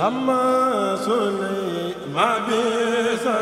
amma suli ma bisa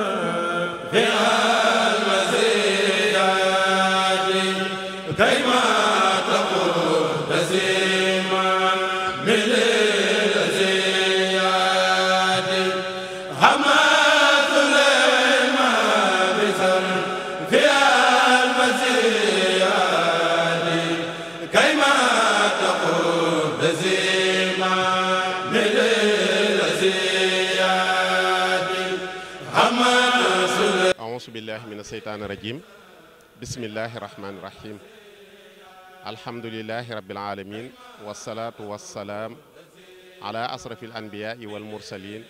mina seytaani rajiim bismillaahi rahmaani rahiim alhamdulillaahi rabbil aalamiin wassalaatu wassalaam ala asrafil anbiyaa'i wal mursaliin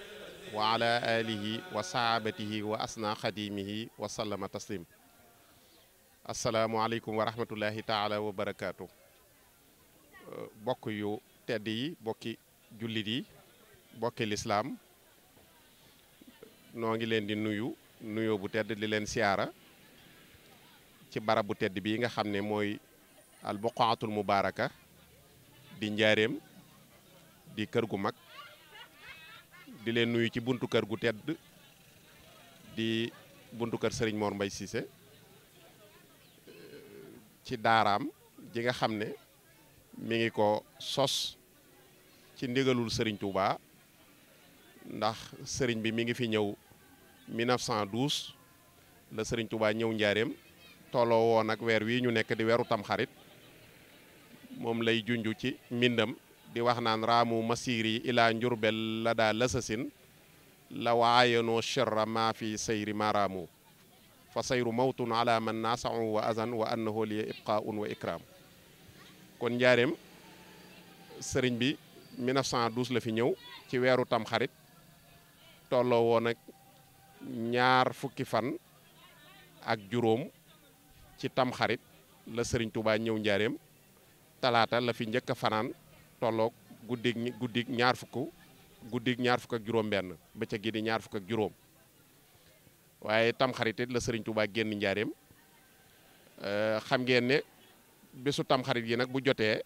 wa ala aalihi wa saxaabatihi wa asna xadiimihi wa sallama tasliim asalaamualeykum wa rahmatullahi taala wa barakaatu bokk yu bokki jullit bokki lislaam noo ngi leen di nuyu nuyoo bu tedd di leen siyaara ci barab bu tedd bii nga xam ne mooy albuqaatul mubaaraka di njaareem di kër gu mag di leen nuyu ci buntu kër gu tedd di buntu kër sëriñ Mor Mbay Cissé ci daaraam ji nga xam ne mi ngi ko sos ci ndigalul sëriñ Touba ndax sëriñ bi mi ngi fi ñëw 1912 la Serigne Touba ñëw njaareem tolloo woon ak weer wi ñu nekk di weeru tamxarit moom lay junj ci mbindam di wax naan raamu masiri ilaa njurbel la daa lasasin la waayanoo sherra maa fi sayri ma raamu fa sayru mawtun ala man nasahu wa azan wa annahu liya ibqaun wa ikraam kon njaareem sëriñ bi 1912 la fi ñëw ci weeru tamxarit tolloo woon ak ñaar fukki fan ak juróom ci tamxarit la sëriñ Touba ñëw njaareem talaata la fi njëkk a fanaan tolloog guddig guddig ñaar fukk ak juróom-benn bëccëg gi di ñaar fukk ak juróom waaye tamxarit it la Serigne Touba génn njaareem euh, xam ngeen ne bésu tamxarit yi nag bu jotee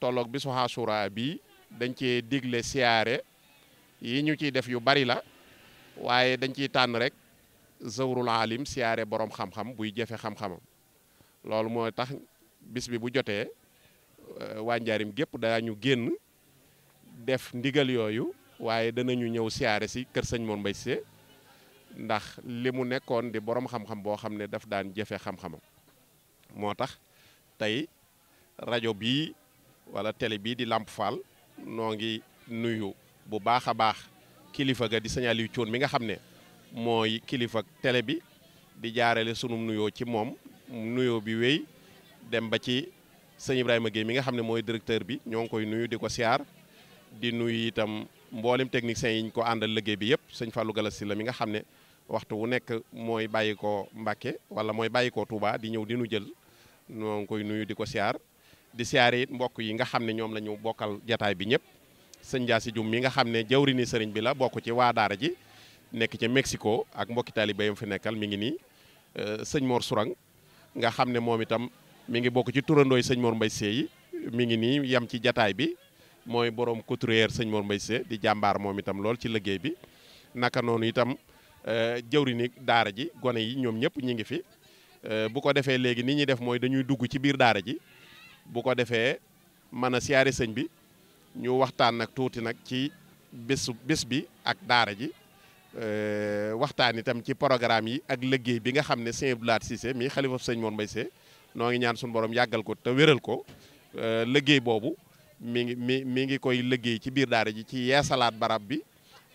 tolloog bésu xaasuraa bi dañ ci digle siyaare yi ñu ciy def yu bari la. waaye dañ ciy tànn rek zawrul alim siyaare boroom xam-xam buy jafe xam-xamam loolu moo tax bis bi bu jotee euh, waa njaarim gépp daañu génn def ndigal yooyu waaye danañu ñëw siyaare si kër sëñ Mor Mbaye Cissé ndax li mu nekkoon di borom xam-xam boo xam ne daf daan jafe xam-xamam moo tax tey rajo bii wala télé bii di Lamp Fall noo ngi nuyu bu baax a baax kilifa ga di sëñ Aliou mi nga xam ne mooy kilifa télé bi di jaarale sunu nuyoo ci moom nuyoo bi wéy dem ba ci sëñ Ibrahima Guèye mi nga xam ne mooy directeur bi ñoo ngi koy nuyu di ko siyaar di nuyu itam mboolem techniciens yi ñu ko àndal liggéey bi yëpp sëñ Fallou Galassi la mi nga xam ne waxtu wu nekk mooy bàyyi ko Mbacke wala mooy bàyyi ko Touba di ñëw di nu jël ñoo ngi koy nuyu di ko siyaar di siyaar mbokk yi nga xam ne ñoom la ñu bokkal jataay bi ñëpp sëñ Ndiassy Dioum mi nga xam ne jawrini sëriñ bi la bokk ci waa daara ji nekk ci Mexico ak mbokki taalibe yam fi nekkal mi ngi nii euh, sëñ moor Sourang nga xam ne moom itam mi ngi bokk ci turandooy sëñ Mor Mbaye Seye mi ngi nii yam ci jataay bi mooy borom couturier sëñ moor Mbaye Seye di jàmbaar moom itam lool ci liggéey bi naka noonu itam euh, jawrini daara ji gone yi ñoom ñëpp ñi ngi fi euh, bu ko defee léegi ni ñuy def mooy dañuy dugg ci biir daara ji bu ko defee mën sëñ bi ñu waxtaan nag tuuti nag ci bésu bés bi ak daara ji euh, waxtaan itam ci programme yi ak liggéey bi nga xam ne sëñ Abdou Lahad Cissé mi sëñ moon mbay Cissé noo ngi ñaan suñu borom yàggal ko te wéral ko euh, liggéey boobu mi ngi mi mi ngi koy liggéey ci biir daara ji ci yeesalaat barab bi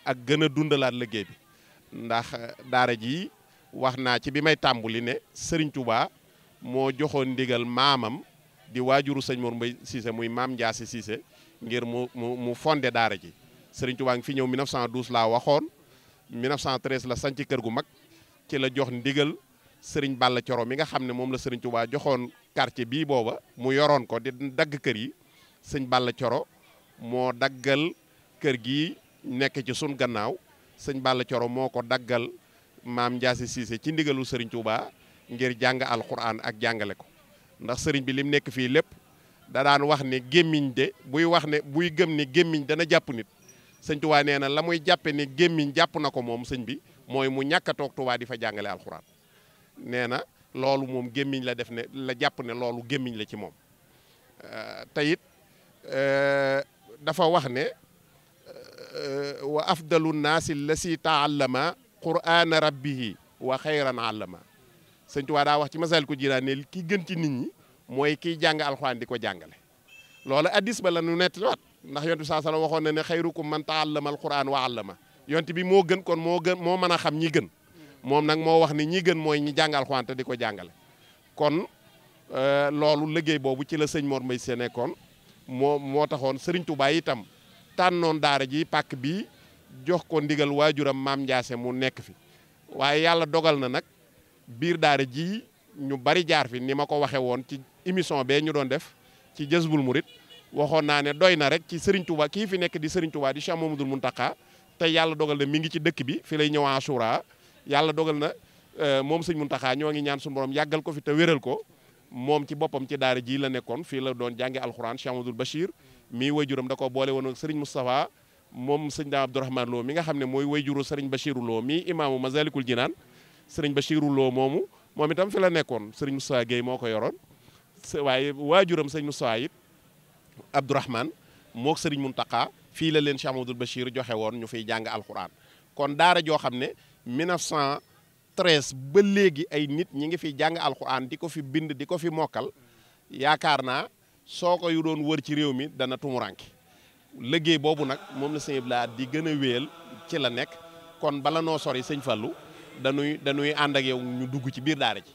ak gën a dundalaat liggéey bi ndax euh, daara ji wax naa ci bi may tàmbuli ne sëriñ Touba moo joxoon ndigal maamam di waajuru sëñ Mor mbay Cissé muy maam Ndiassé Cissé ngir mu mu mu fondé daara ji Serigne Touba ngi fi ñëw 1912 laa waxoon 1913 la sanc kër gu mag ci la jox ndigal Serigne Balla Coro mi nga xam ne moom la Serigne Touba joxoon quartier bii booba mu yoroon ko di dagg kër yi sëñ Balla Coro moo daggal kër gi nekk ci sun gannaaw sëñ Balla Coro moo ko daggal maam Ndiassé Cissé ci ndigalu Serigne Touba ngir jàng alxuraan ak jàngale ko ndax sëriñ bi lim nekk fii lépp. da daan wax ne gémmiñ de buy wax ne buy gëm ne gémmiñ dana jàpp nit sëñ Tuubaa nee na la muy jàppe ne gémmiñ jàpp na ko moom sëñ bi mooy mu ñàkk a toog Tuubaa di fa jàngale alxuraan nee na loolu moom gémmiñ la def ne la jàpp ne loolu gémmiñ la ci moom euh, te it euh, dafa wax ne euh, wa afdalu naasi la si taallama quraana rabbihi wa xayran allama sëñ Tuubaa daa wax ci masal ko jiraan kii ki gën ci nit ñi mooy kiy jàng alxuraan di ko jàngale loola addis ba la nu nettaliwaat ndax yonte bi saa waxoon na ne xayrukum man taallama alxuraan wa allama yonte bi moo gën kon moo gën moo mën a xam ñi gën moom nag moo wax ni ñii gën mooy ñi jàng alxuraan te di ko jàngale kon euh, loolu liggéey boobu ci la sëñ Mor Mbaye Sy nekkoon moo moo taxoon Serigne Touba itam tànnoon daara ji pàkk bi jox ko ndigal waajuram maam Ndiasse mu nekk fi waaye yàlla dogal na nag biir daara ji ñu bari jaar fi ni ma ko waxee woon ci émission bee ñu doon def ci Jazbul Murid waxoon naa ne doy na rek ci Serigne Touba kii fi nekk di Serigne Touba di Cheikh Mamadou Mountakha te yàlla dogal na mi ngi ci dëkk bi fi lay ñëw Achoura yàlla dogal na euh, moom Serigne Mountakha ñoo ngi ñaan suñu borom yàggal ko fi te wéral ko moom ci boppam ci daara ji la nekkoon fii la doon jànge alxuraan Cheikh Mamadou Bachir mii wayjuram da ko boole woon sëriñ Serigne Moustapha moom sëñ Daam Abdourahmane Lo mi nga xam ne mooy wayjuru Serigne Bachirou Lo mii imaamu Masalikul Jinaan Serigne Bachirou Lo moomu moom itam fi la nekkoon sëriñ Moussa Gueye moo ko yoroon waaye waajuram sëriñ Moussa it Abdourahman moog sëriñ Mountakha fii la leen Cheikh Amadou joxe woon ñu fiy jàng alxuraan kon daara joo xam ne 1913 ba léegi ay nit ñi ngi fiy jàng alxuraan di ko fi bind di ko fi mokkal yaakaar naa soo ko yu doon wër ci réew mi dana tumuranke liggéey boobu nag moom la sëñ Abdoul di gën a wéyal ci la nekk kon bala noo sori sëñ Fallou danuy dañuy ànd ak yow ñu dugg ci biir daara ji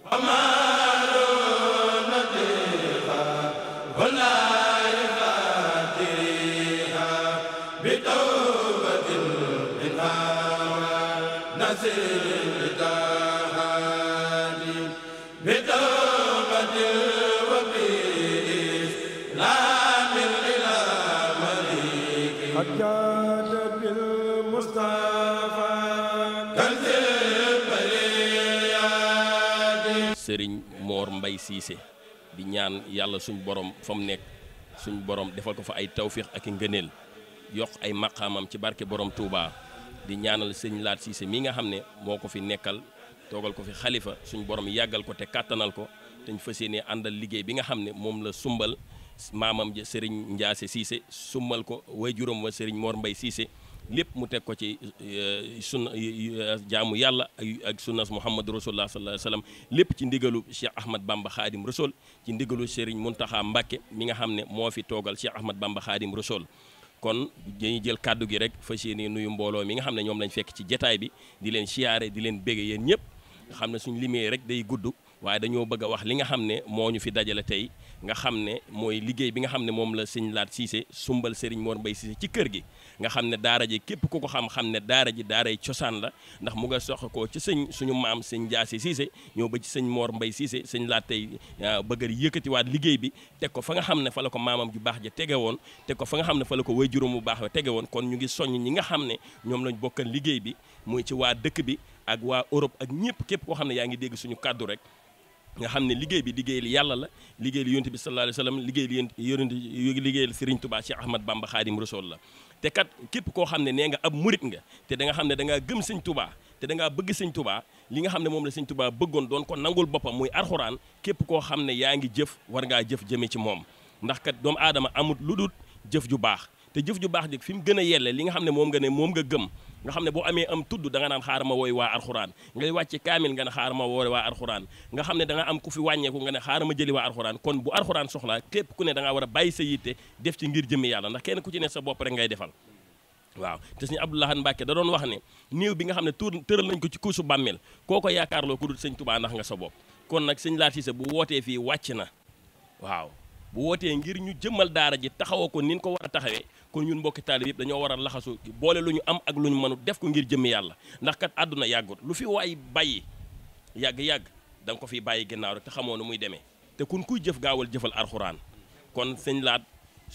Mbay Siise di ñaan yàlla suñ borom fa mu nekk suñ borom defal ko fa ay tawféex ak i ngëneel yokk ay maqaamam ci barke borom Touba di ñaanal sëñ Laat Siise mii nga xam ne moo ko fi nekkal toogal ko fi xalifa suñ borom yàggal ko te kàttanal ko te ñu fas yéene àndal liggéey bi nga xam ne moom la sumbal maamam ja sëriñ Njaase Siise sumbal ko waajuram wa sëriñ Mor Mbay Siise lépp mu teg ko ci euh, sunna jaamu yàlla ak sunnas muhammad rasulullah sallallahu alayhi wasallam lépp ci ndigalu Cheikh Ahmad Bamba Khadim Rasul ci ndigalu mun Mountakha Mbacké mi nga xam ne moo fi toogal Cheikh Ahmad Bamba Khadim Rasul kon dañuy jël kàddu gi rek fas yéene nuyu mbooloo mi nga xam ne ñoom lañ fekk ci jataay bi di leen siyaare di leen bége yéen ñëpp nga xam ne suñ limee rek day gudd waaye dañoo bëgg a wax li nga xam ne moo ñu fi dajale tey nga xam ne mooy liggéey bi nga xam ne moom la sëñ Laat Cissé sumbal Serigne Mor Mbaye Cissé ci kër gi nga xam ne daara ji képp ku ko xam xam ne daara ji daaray cosaan la ndax mu nga sox ko ci sëñ suñu maam sëñ Jaasi Cissé ñoo ba ci sëñ moor mbay Cissé sëñ Laat tey euh, bëgg a yëkkatiwaat liggéey bi teg ko fa nga xam ne fa la ko maamam ju baax ja tege woon teg ko fa nga xam ne fa la ko way juróom bu baax ja tege woon kon ñu ngi soññ ñi nga xam ne ñoom lañ bokkal liggéey bi muy ci waa dëkk bi ak waa Europe ak ñëpp képp koo xam ne yaa ngi dégg suñu kàddu rek nga xam ne liggéey bi liggéeyal yàlla la liggéeyal yonent bi sallallahu alayhi wa sallam liggéeyal yonent yonent liggéeyal Serigne Touba Cheikh Ahmad Bamba Khadim Rasoul la te kat képp koo xam ne nee nga ab murit nga te danga xam ne da ngaa gëm sëñ Touba te da bëgg sañ tubaa li nga xam ne moom la sañ tubaa bëggoon doon ko nangul boppam muy arxuraan képp koo xam ne yaa ngi jëf war ngaa jëf jëme ci moom ndax kat doomu aadama amut lu dul jëf ju baax te jëf ju baax ji fi mu gën a yelle li nga xam ne moom nga ne moom nga gëm nga xam ne boo amee am tudd da nga naan xaar ma wooy waa arxuraan ngay wàcce kaamil nga ne xaar ma wooy waa arxuraan nga xam ne da nga am ku fi wàññeeku nga ne xaar ma jëli waa arxuraan kon bu arxuraan soxlaa képp ku ne da war a bàyyi sa yitte def ci ngir jëmmi yàlla ndax kenn ku ci ne sa bopp rek ngay defal waaw te ñu Abdou Lahad Mbacke da doon wax ne néew bi nga xam ne tur tëral nañ ko ci kuusu bàmmeel koo ko yaakaarloo ku dul sëñ Tuubaa nga sa bopp kon nag sëñ Laat Siise bu wootee fii wàcc na waaw bu wootee ngir ñu jëmmal daara ji taxawoo ko ni ñu ko war a taxawee kon ñun mbokki taalib yëpp dañoo waral laxasu boole lu ñu am ak lu ñu mënu def ko ngir jëmmi yàlla ndax kat àdduna yàggut lu fi waay bàyyi yàgg-yàgg da nga ko fi bàyyi ginnaaw rek te xamoo nu muy demee te kun kuy jëf gaawal jëfal alxuraan kon sëñ laat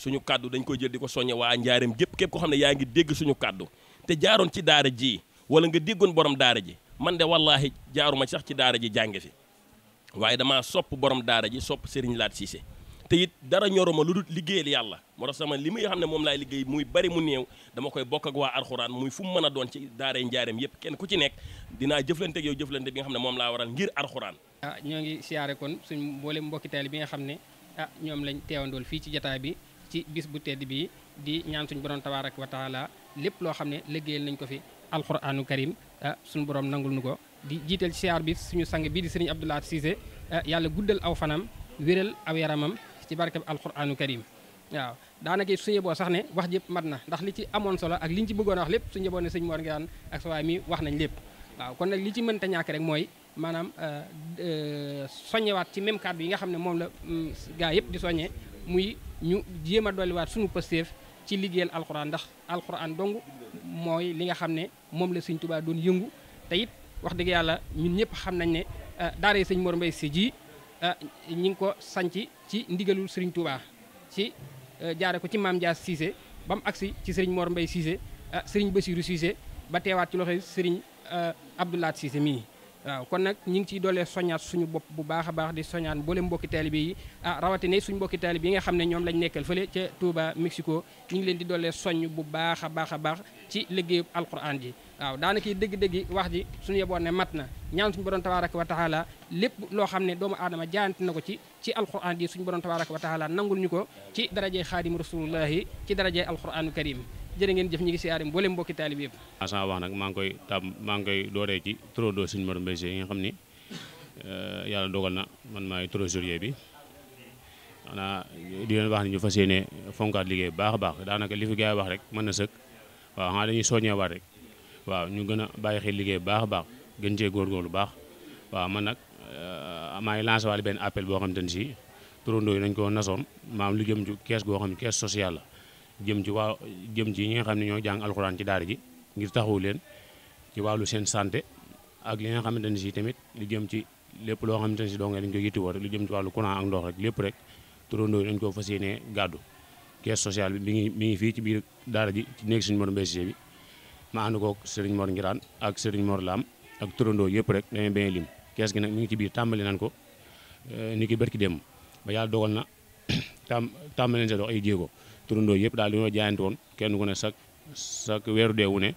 suñu kàddu dañ ko jël di ko soññe waa njaareem gépp képp ko xam ne yaa ngi dégg suñu kàddu te jaaroon ci daara ji wala nga déggoon borom daara ji man de wallaahi jaaruma sax ci daara ji jànge fi waaye damaa sopp borom daara ji sopp sëriñ laat siise te it dara ñoruma lu dul liggéeyal yàlla moo tax sama li muy xam ne moom laay liggéey muy bari mu néew dama koy bokk ak waa alxuraan muy fu mu mën a doon ci daaree njaareem yëpp kenn ku ci nekk dinaa jëflante ak yow jëflante bi nga xam ne moom laa waral ngir alxuraan ah ñoo ngi siyaare kon suñ mboolem mbokki taali bi nga xam ne ah, ñoom lañ teewandool fii ci jataay bi ci bis bu tedd bii di ñaan suñ borom tabaaraka wa taala lépp loo xam ne liggéeyal nañ ko fi alxuraanu karim ah suñu borom nangul nu ko di jiital siyaar bi suñu sang bii di sëriñ Abdoulaye Cissé ah, yàlla guddal aw fanam wéral aw yaramam ci barkeb alquranu karim waaw daanaka su yeboo sax ne wax jëpp mat na ndax li ci amoon solo ak li ñu ci bëggoon wax lépp suñu yeboon ne sëñ Mor Ngiraan ak sawaay mi wax nañ lépp kon nag li ci mënta ñàkk rek mooy maanaam euh, euh, soññewaat ci même kàddu yi nga xam ne moom la mm, gaa yëpp di soññee muy ñu jéem a dolliwaat suñu pësteef ci liggéeyal alquran ndax alquran dong mooy li nga xam ne moom la sëñ Tuubaa doon yëngu te wax dëgg yàlla ñun ñëpp xam nañ ne euh, daara sëñ Mor Mbay Si ji Ah, ñi ngi ko sanc ci ndigalul Serigne Touba ci eh, jaare ko ci maam Dia Cissé ba mu agsi ci Serigne Mor Mbaye Cissé ah Serigne Bassirou ba teewaat ci loxoy Serigne eh, Abdoulaat Cissé mii waaw kon nag ñu ngi ciy doolee soñaat suñu bopp bu baax a baax di soñaat mboolem mbokki taalibe yi ah rawatina suñu mbokki taalibe yi nga xam ne ñoom lañ nekkal fële ca Touba Mexico ñu leen di doolee soñ bu baax a baax a baax ci liggéeyu alquran ji waaw daanaka dëgg-dëgg wax ji suñu yeboon ne mat na ñaan suñu borom tabaraka wa taala lépp loo xam ne doomu adama jaayante na ko ci ci alquran ji suñu borom tabaraka wa taalaa nangul ñu ko ci darajey xaadim rasulullahi ci darajey alquranu karim jërë ngeen jëf ñu ngi siyaare mboolem mbokki taalib yëpp asan wax nag maa ngi koy tam maa koy dooree ci turandoo suñu Mor Mbaye Seye yi nga xam ne euh, yàlla dogal na man maay trésorier bi xanaa di wax ne ñu fas yéene fonkaat liggéey bu baax baax daanaka li fi yi wax rek mën na sëkk waaw xanaa dañuy soññeewaat rek waaw ñu gën a bàyyi xel liggéey bu baax a baax gën cee lu baax waaw man nag euh, maa ngi lancé waale benn appel boo xam te ne si turandoo yi dañ ko nasoon maam lu jëm ci kees goo xam ne kees sociale la jëm ci waa jëm ci ñi nga xam ne ñoo jàng alxuraan ci daara ji ngir taxawu leen ci wàllu seen santé ak li nga xamante ne si tamit lu jëm ci lépp loo xamante ne si dong dañ ko yittewoo rek lu jëm ci wàllu courant ak ndox rek lépp rek turandoo yi dañ ko fas yéenee gàddu kees social bi mi ngi mi ngi fii ci biir daara ji ci néeg suñu mor mbéy bi ma ànd koog Serigne Mor Ngiraan ak sëriñ Mor laam ak turandoo yëpp rek damay bañ kees gi nag ñu ngi ci biir tàmbali nan ko eh, ni ki barki dem ba yàlla dogal na tam tàmbali nañ dox ay jéego turandoo yëpp daal dañoo jaayante woon kenn ku ne sax sax weeru dee wu ne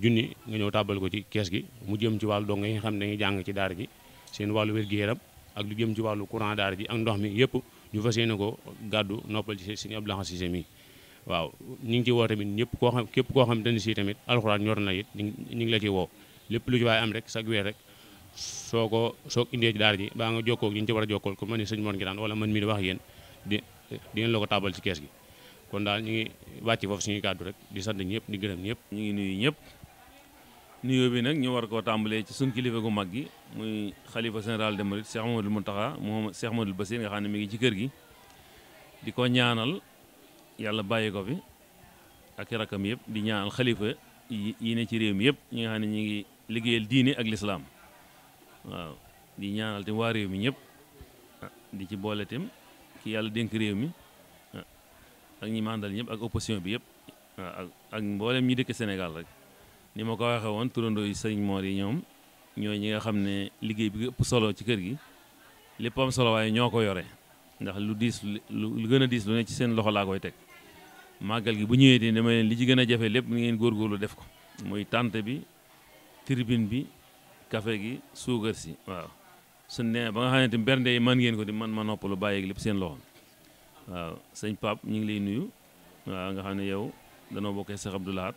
junni nga ñëw tàbbal ko ci kees gi mu jëm ci wàllu donga yi nga xam ne dañuy jàng ci daar ji seen wàllu wér yaram ak lu jëm ci wàllu courant daara ji ak ndox mi yëpp ñu fas yéene ko gàddu noppal ci sëñ Abdou Lahad Cissé waaw ñu ngi ci woo tamit ñëpp koo xam képp koo xam ne sii tamit alxuraan ñor na it ñu ngi la ci woo lépp lu ci waaye am rek chaque weer rek soo ko soo indee ci daara ji baa nga jokkoo ak ñu ci war a jokkool ko man ni sëñ Mor ngi daan wala man mii la ko tàbbal ci kees gi kon daal ñu ngi wàcc foofu suñuy kàddu rek di sant ñëpp di gërëm ñëpp ñu ngi nuyu ñëpp nuyoo bi nag ñu war koo tàmbalee ci suñ kilifa gu mag gi muy xalifa général des mourides Cheikh Mamadou Mountakha moom Cheikh Mamadou Bassir nga xam ne mi ngi ci kër gi di ko ñaanal yàlla bàyyi ko bi ak rakam yëpp di ñaanal xalifa yi ne ci réew mi yëpp ñi nga xam ne ñu ngi liggéeyal diine ak lislaam waaw di ñaanal tam waa réew mi ñëpp ah, di ci mboole tam ki yàlla dénk réew mi ah, ak ñi màndal ñëpp ak opposition bi yëpp ah, ak ak mboolem ñi dëkk Sénégal rek ni ma ko waxee woon turandoo yi sëñ Mor yi ñoom ñooy ñi nga xam ne liggéey bi ëpp solo ci kër gi lépp am solo waaye ñoo ko yore ndax lu diis lu gën a diis lu ne ci seen loxo laa koy teg màggal gi bu ñëwee te dama leen li ci gën a jafe lépp ngeen góorgóorlu def ko mooy tànt bi tribune bi kafe gi suukar si waaw suñ ne ba nga xamante ni bernde yi mën ngeen ko di man ma lu bàyyeeg lépp seen loxo waaw sëñ Pape ñu ngi lay nuyu waaw nga xam ne yow danoo bokkee Cheikh Abdou Lahad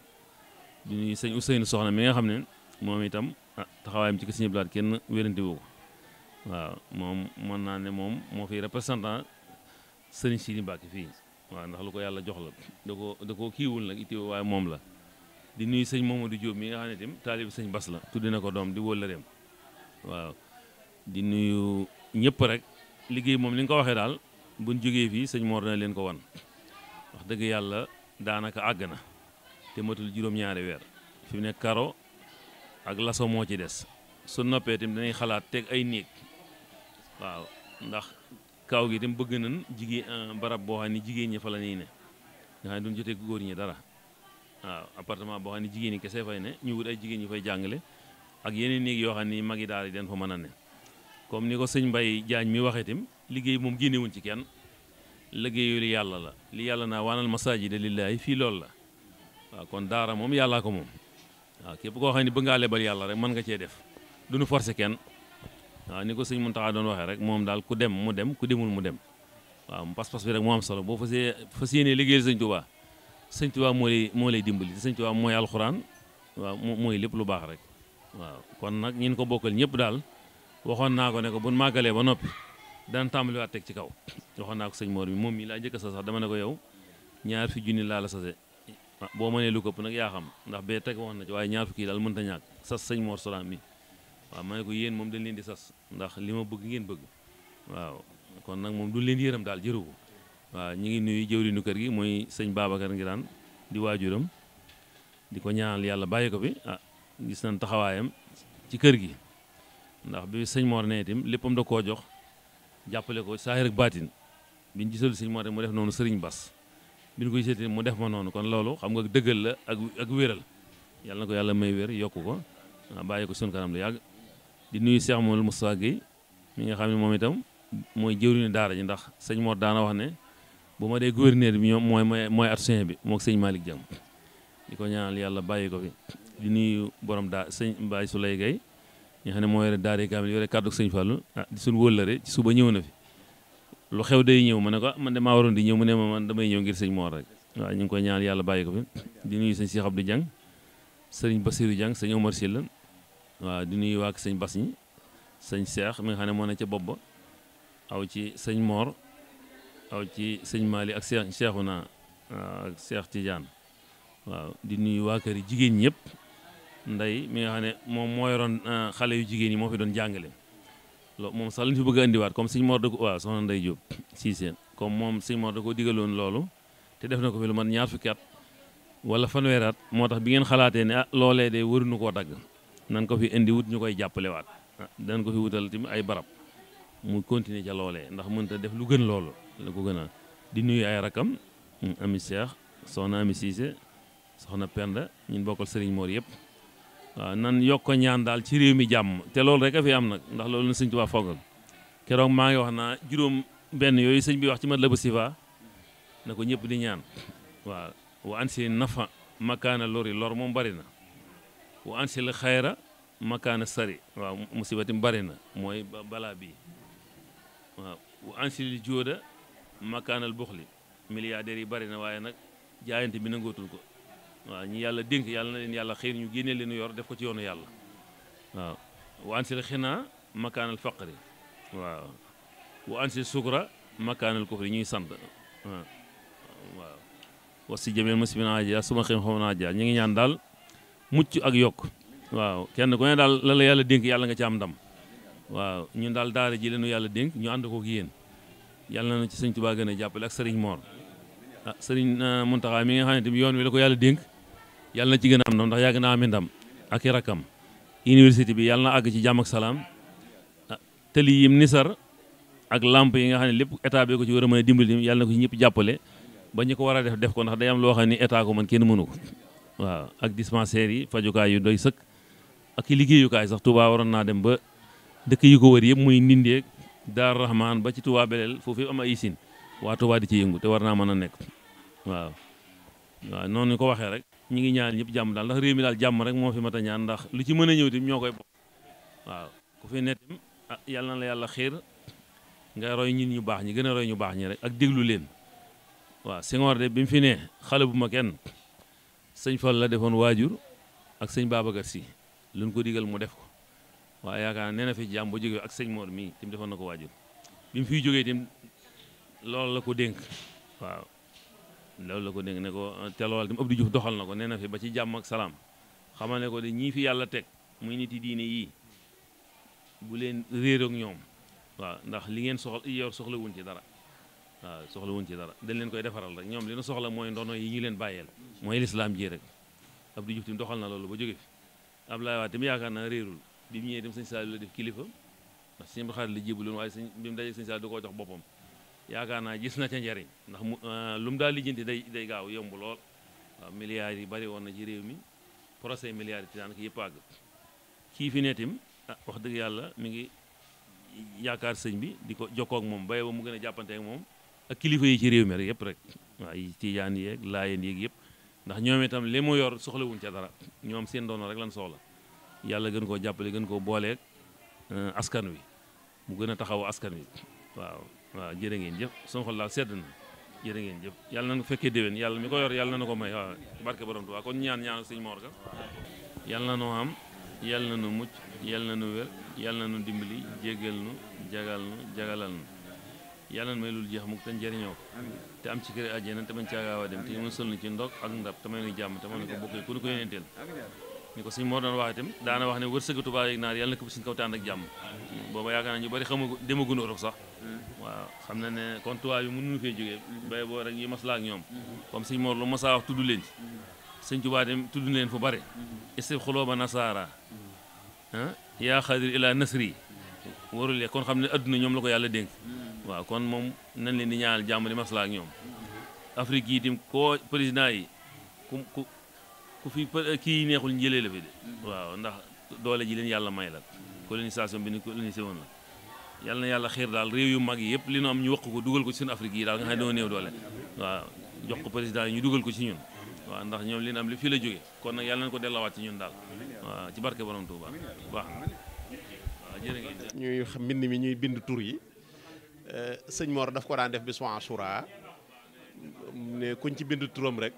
di nuyu sëñ Ousseynou Soxna mi nga xam ne moom itam ah taxawaayam ci kër sëñ Abdou kenn wérante wu ko waaw moom mën naa ne moom moo fi représentant sëriñ Sidi Mbacke fii waaw ndax lu ko yàlla jox la da koo da koo kiiwul nag itti waaye moom la di nuyu sëñ Mamadou Diop mi nga xam ne tam taalibi sëñ Bas la tuddi na ko doom di wóllëreem waaw di nuyu ñépp rek liggéey moom li nga ko waxee daal buñ jógee fii sëñ Mor na leen ko wan wax dëgg yàlla daanaka àgg na te matul juróom-ñaari weer fi mu nekk karo ak laso moo ci des su noppee itam dañuy xalaat teg ay néeg waaw ndax kaw gi itam bëgg nañ jigéen euh, boo xam ne jigéen ñi fa la ñuy ne nga xam ne duñ jotee góor ñi dara waaw appartement boo xam ne jigéen ñi kese fay ne ñu wut ay jigéen ñi fay jàngale ak yeneen néeg yoo xam ne mag yi daal yi den fa mën a ne comme ni ko sëñ mbay jaañ mi waxee itam liggéey moom génnewuñ ci kenn liggéeyu yàlla la li yàlla naa waanal masaajida lillaahi fii loolu la waaw kon daara moom yàllaa ko moom waaw képp ko xam ne bëgg ngaa lebal yàlla rek mën nga cee def waaw ni ko sëñ Mountakha doon waxee rek moom daal ku dem mu dem ku demul mu dem waaw pas-pas bi rek moom solo boo fas fas yéenee liggéeyal sëñ Tuubaa sëñ Tuubaa moo lay moo lay dimbali te sëñ Tuubaa mooy alxuraan waaw mooy lépp lu baax rek waaw kon nag ñin ko bokkal ñëpp daal waxoon naa ko ne ko bu nu màggalee ba noppi dana tàmbaliwaat teg ci kaw waxoon naa ko sëñ Mor bi moom mii laa njëkk a sa sax dama ne ko yow ñaar fi junni laal la sase boo mënee lu këpp nag yaa xam ndax bee teg wax na ci waaye ñaar fi daal mënta ñàkk sas sëñ Mor Solam mi waaw ma ne ko yéen moom dañ leen di sas ndax li ma bëgg ngeen bëgg waaw kon nag moom du leen yërëm daal jëru ko waaw ñu ngi nuyu jëwriñu kër gi mooy sëñ ngi daan di waajuram di ko ñaanal yàlla bàyyi ko bi ah gis nañ taxawaayam ci kër gi ndax bi sëñ moo nee itam léppam da koo jox jàppale ko saahir ak baatin biñ gisalu moo Mor mu def noonu sëriñ Bas biñ ko gisee mu def ma noonu kon loolu xam nga dëggal la ak ak wéral yàlla na ko yàlla may wér yokku ko ah, bàyyi ko sunu kanam lu di nuyu Cheikh Mouhamadou Moustapha Guèye mi nga xam ne moom itam mooy jëwriñu daara ji ndax sëñ Mor daana wax ne bu ma dee gouverneur bi ñoom mooy mooy adjoint bi moog sëñ Malick Diam di ko ñaanal yàlla bàyyi ko fi di nuyu borom daa sëñ Mbaye Souleye Guèye ñi xam ne moo yore daara kaamil yore kàddu sëñ Fallou ah di suñ wóllëre ci ñëw na fi lu xew day ñëw ma ne ko ah, man de maa waroon di ñëw mu ne ma man damay ñëw ngir sëñ Mor rek waa ñu ngi koy ñaanal yàlla bàyyi ko fi di nuyu sëñ di Abdou Diang sëriñ Basirou Diang sëñ Omar Sylla waaw di nuyu waa sëñ Bas ñi sëñ Cheikh mi nga xam ne moo ne ca bopp ba aw ci sëñ Mor aw ci sëñ Mali ak Cheikh Cheikhouna ak Cheikh Tidiane waaw di nuyu waa kër yi jigéen ñi yëpp ndey mi nga xam ne moom moo yoroon ah, xale yu jigéen yi moo fi doon jàngale loolu moom sax lañ fi bëgg indiwaat comme sëñ Mor da ko waaw soxna Ndey Diop Cissé comme moom sëñ Mor da ko digaloon loolu te def na ko fi lu man ñaar fukki at wala fanweeraat moo tax bi ngeen xalaatee ne ah loolee de wëruñu koo dagg nan ko fi indi wut ñu koy jàppalewaat dañ ko fi wutal tamit ay barab mu continuer ca loolee ndax mënta def lu gën loolu la ko gën a di nuyu ay rakkam ami Cheikh soxna ami Cissé soxna Penda ñun bokkal sëriñ Mor yëpp waaw nan yokk ñaan daal ci réew mi jàmm te loolu rek a fi am nag ndax loolu la sëñ Tuubaa foogal keroog maa ngi wax naa juróom benn yooyu sëñ bi wax ci mat la ba sifa na ko ñëpp di ñaan waaw wa an si nafa makaana lori lor moom bari na wa ansil xayra makaana sari waaw musibatim bari na mooy balaa bii waaw wa ansil jóoda makaanal buxli milliardaires yi bari na waaye nag jaayante bi nangootul ko waaw ñi yàlla dénk yàlla na leen yàlla xëy ñu génnee leen yor def ko ci yoonu yàlla waaw wa ansil xinaa makaanal faqri waaw wa ansil sukra makaanal kufri ñuy sant waaw waaw was si jameel ma si bi naa suma xim xom naa jaar ñu ngi ñaan daal mucc ak yokk waaw kenn ku ne daal la yàlla dénk yàlla nga ci am ndam waaw ñun daal daara ji leenu yàlla dénk ñu ànd kook yéen yàlla na ci sëñ Tuubaa gën a jàppale ak sëriñ Moor ah sëriñ ah, Muntaxa mi nga xam ne tamit yoon wi la ko yàlla dénk yàlla na ci gën a am ndam ndax yàgg naa amee ndam ak i rakkam université bi yàlla na àgg ci jàmm ak salaam ah, tëli yim nisar ak lamp yi nga xam ne lépp état bi ko ci war a mën a dimbali yàlla na ko ci ñëpp jàppale ba ko war a def def ko ndax day am loo xam ne état ko man kenn mënu ko waaw ak dispensaires yi fajukaay yu doy sëkk ak i liggéeyukaay sax Touba waroon naa dem ba dëkk yu ko wër yëpp muy Ndindeeg Daaru Rahman ba ci Touba Belel foofu am ay usine waa Touba di ci yëngu te war naa mën a nekk waaw. noonu ñu ko waxee rek ñu ngi ñaan ñëpp jàmm daal ndax réew mi daal jàmm rek moo fi mat a ñaan ndax lu ci mën a ñëw tim ñoo koy bokk waaw ku fi ne ah yàlla na la yàlla xiir nga roy ñin ñu baax ñi gën a roy ñu baax ñi rek ak déglu leen sëñ Fall la defoon waajur ak sëñ Babacar si luñ ko digal mu def ko waaw yaakaar nee na fi jàmm ba jógee ak sëñ Mor mii tim defoon na ko waajur bi mu fiy jógee tim loolu la ko dénk la ko dénk ne ko te loolu tim Abdou Diouf doxal na ko nee na ba ci jàmm ak salaam xamal ne ko de ñii fi yàlla teg mu nit yi diine yii bu leen réer ak ñoom waaw ndax li ngeen soxla yor soxlawuñ dara waaw soxla wuñ ci dara dañ leen koy defaral rek ñoom li nu soxla mooy ndono yi ñu leen bàyyeel mooy lislaam ji rek Abdou Diouf tamit doxal na loolu ba jóge fi Abdoulaye Wade tamit yaakaar naa réerul di mu ñëwee dem sëñ Saliou la def kilifa ndax sëñ Abdou Khadre la jébaloon waaye sëñ bi mu dajee sëñ Saliou da koo jox boppam yaakaar naa gis na ca njariñ ndax mu euh, lu mu daal lijjanti day day gaaw yomb lool waaw milliards yi bari woon na ci réew mi procès milliards yi daanaka yëpp àgg kii fi ne tamit ah wax dëgg yàlla mi ngi yaakaar sëñ bi di ko jokkoo ak moom bay mu gën a jàppante moom ak kilifa yi ci réew mi rek yëpp rek waaye tiijaan yeeg laayeen yeeg yëpp ndax ñoom itam li mu yor soxlawuñ ca dara ñoom seen doono rek lan soxla yàlla gën koo jàppale gën koo booleeg euh, askan wi mu gën a taxaw askan wi waaw waaw jërë ngeen jëf sama xol sedd na jërë ngeen jëf yàlla na ko fekkee déwén yàlla mi ko yor yàlla na ko may waaw barke borom Tuubaa kon ñaan ñaan sëñ Moor Ka yàlla na noo am yàlla na nu mucc yàlla na nu wér yàlla na nu dimbali jégal nu jagal yàlla na may loolu jeex mukk te jëriñoo ko te am ci kër àjjana te bañ caagaawaa dem te ñu mën sol na ci ndog ak ndab te may nu jàmm ko bokkee ku nu ko yéneenteel ni ko suñ moo doon wax itam daana wax ne wërsëgu tubaab yeeg naar yàlla na ko suñu kaw te ànd jàmm booba yaakaar ñu bari xamagu demaguñu sax hmm. waaw xam na ne kon tubaab yi mënuñu fee jógee hmm. bay boo rek yi maslaa ñoom hmm. comme suñ Mor lu masaa wax tudd leen ci sëñ Tuubaa dem tudd leen fu bare istib xulooba nasaara ah, yaa xadir ila nasri warul kon xam ne adduna ñoom la ko yàlla dénk waaw kon moom nañ leen di ñaanal jàmm di maslaa ak ñoom Afrique yi ko koo président yi ku ku ku fi kii neexul njëlee la waaw ndax doole ji leen yàlla may la colonisation bi ni colonisé woon la yàlla na yàlla xiir daal réew yu mag yi yëpp li ñu am ñu wax ko dugal ko ci suñu Afrique yi daal nga xam ne doole waaw jox ko président yi ñu dugal ko si ñun waaw ndax ñoom li ñu am li fii la jógee kon nag yàlla nañ ko dellawaat ci ñun daal waaw ci barke borom Tuuba baax na waaw mi yi Euh, sëñ Mor daf ko daan def bisu Ashura ne kuñ ci bind turam rek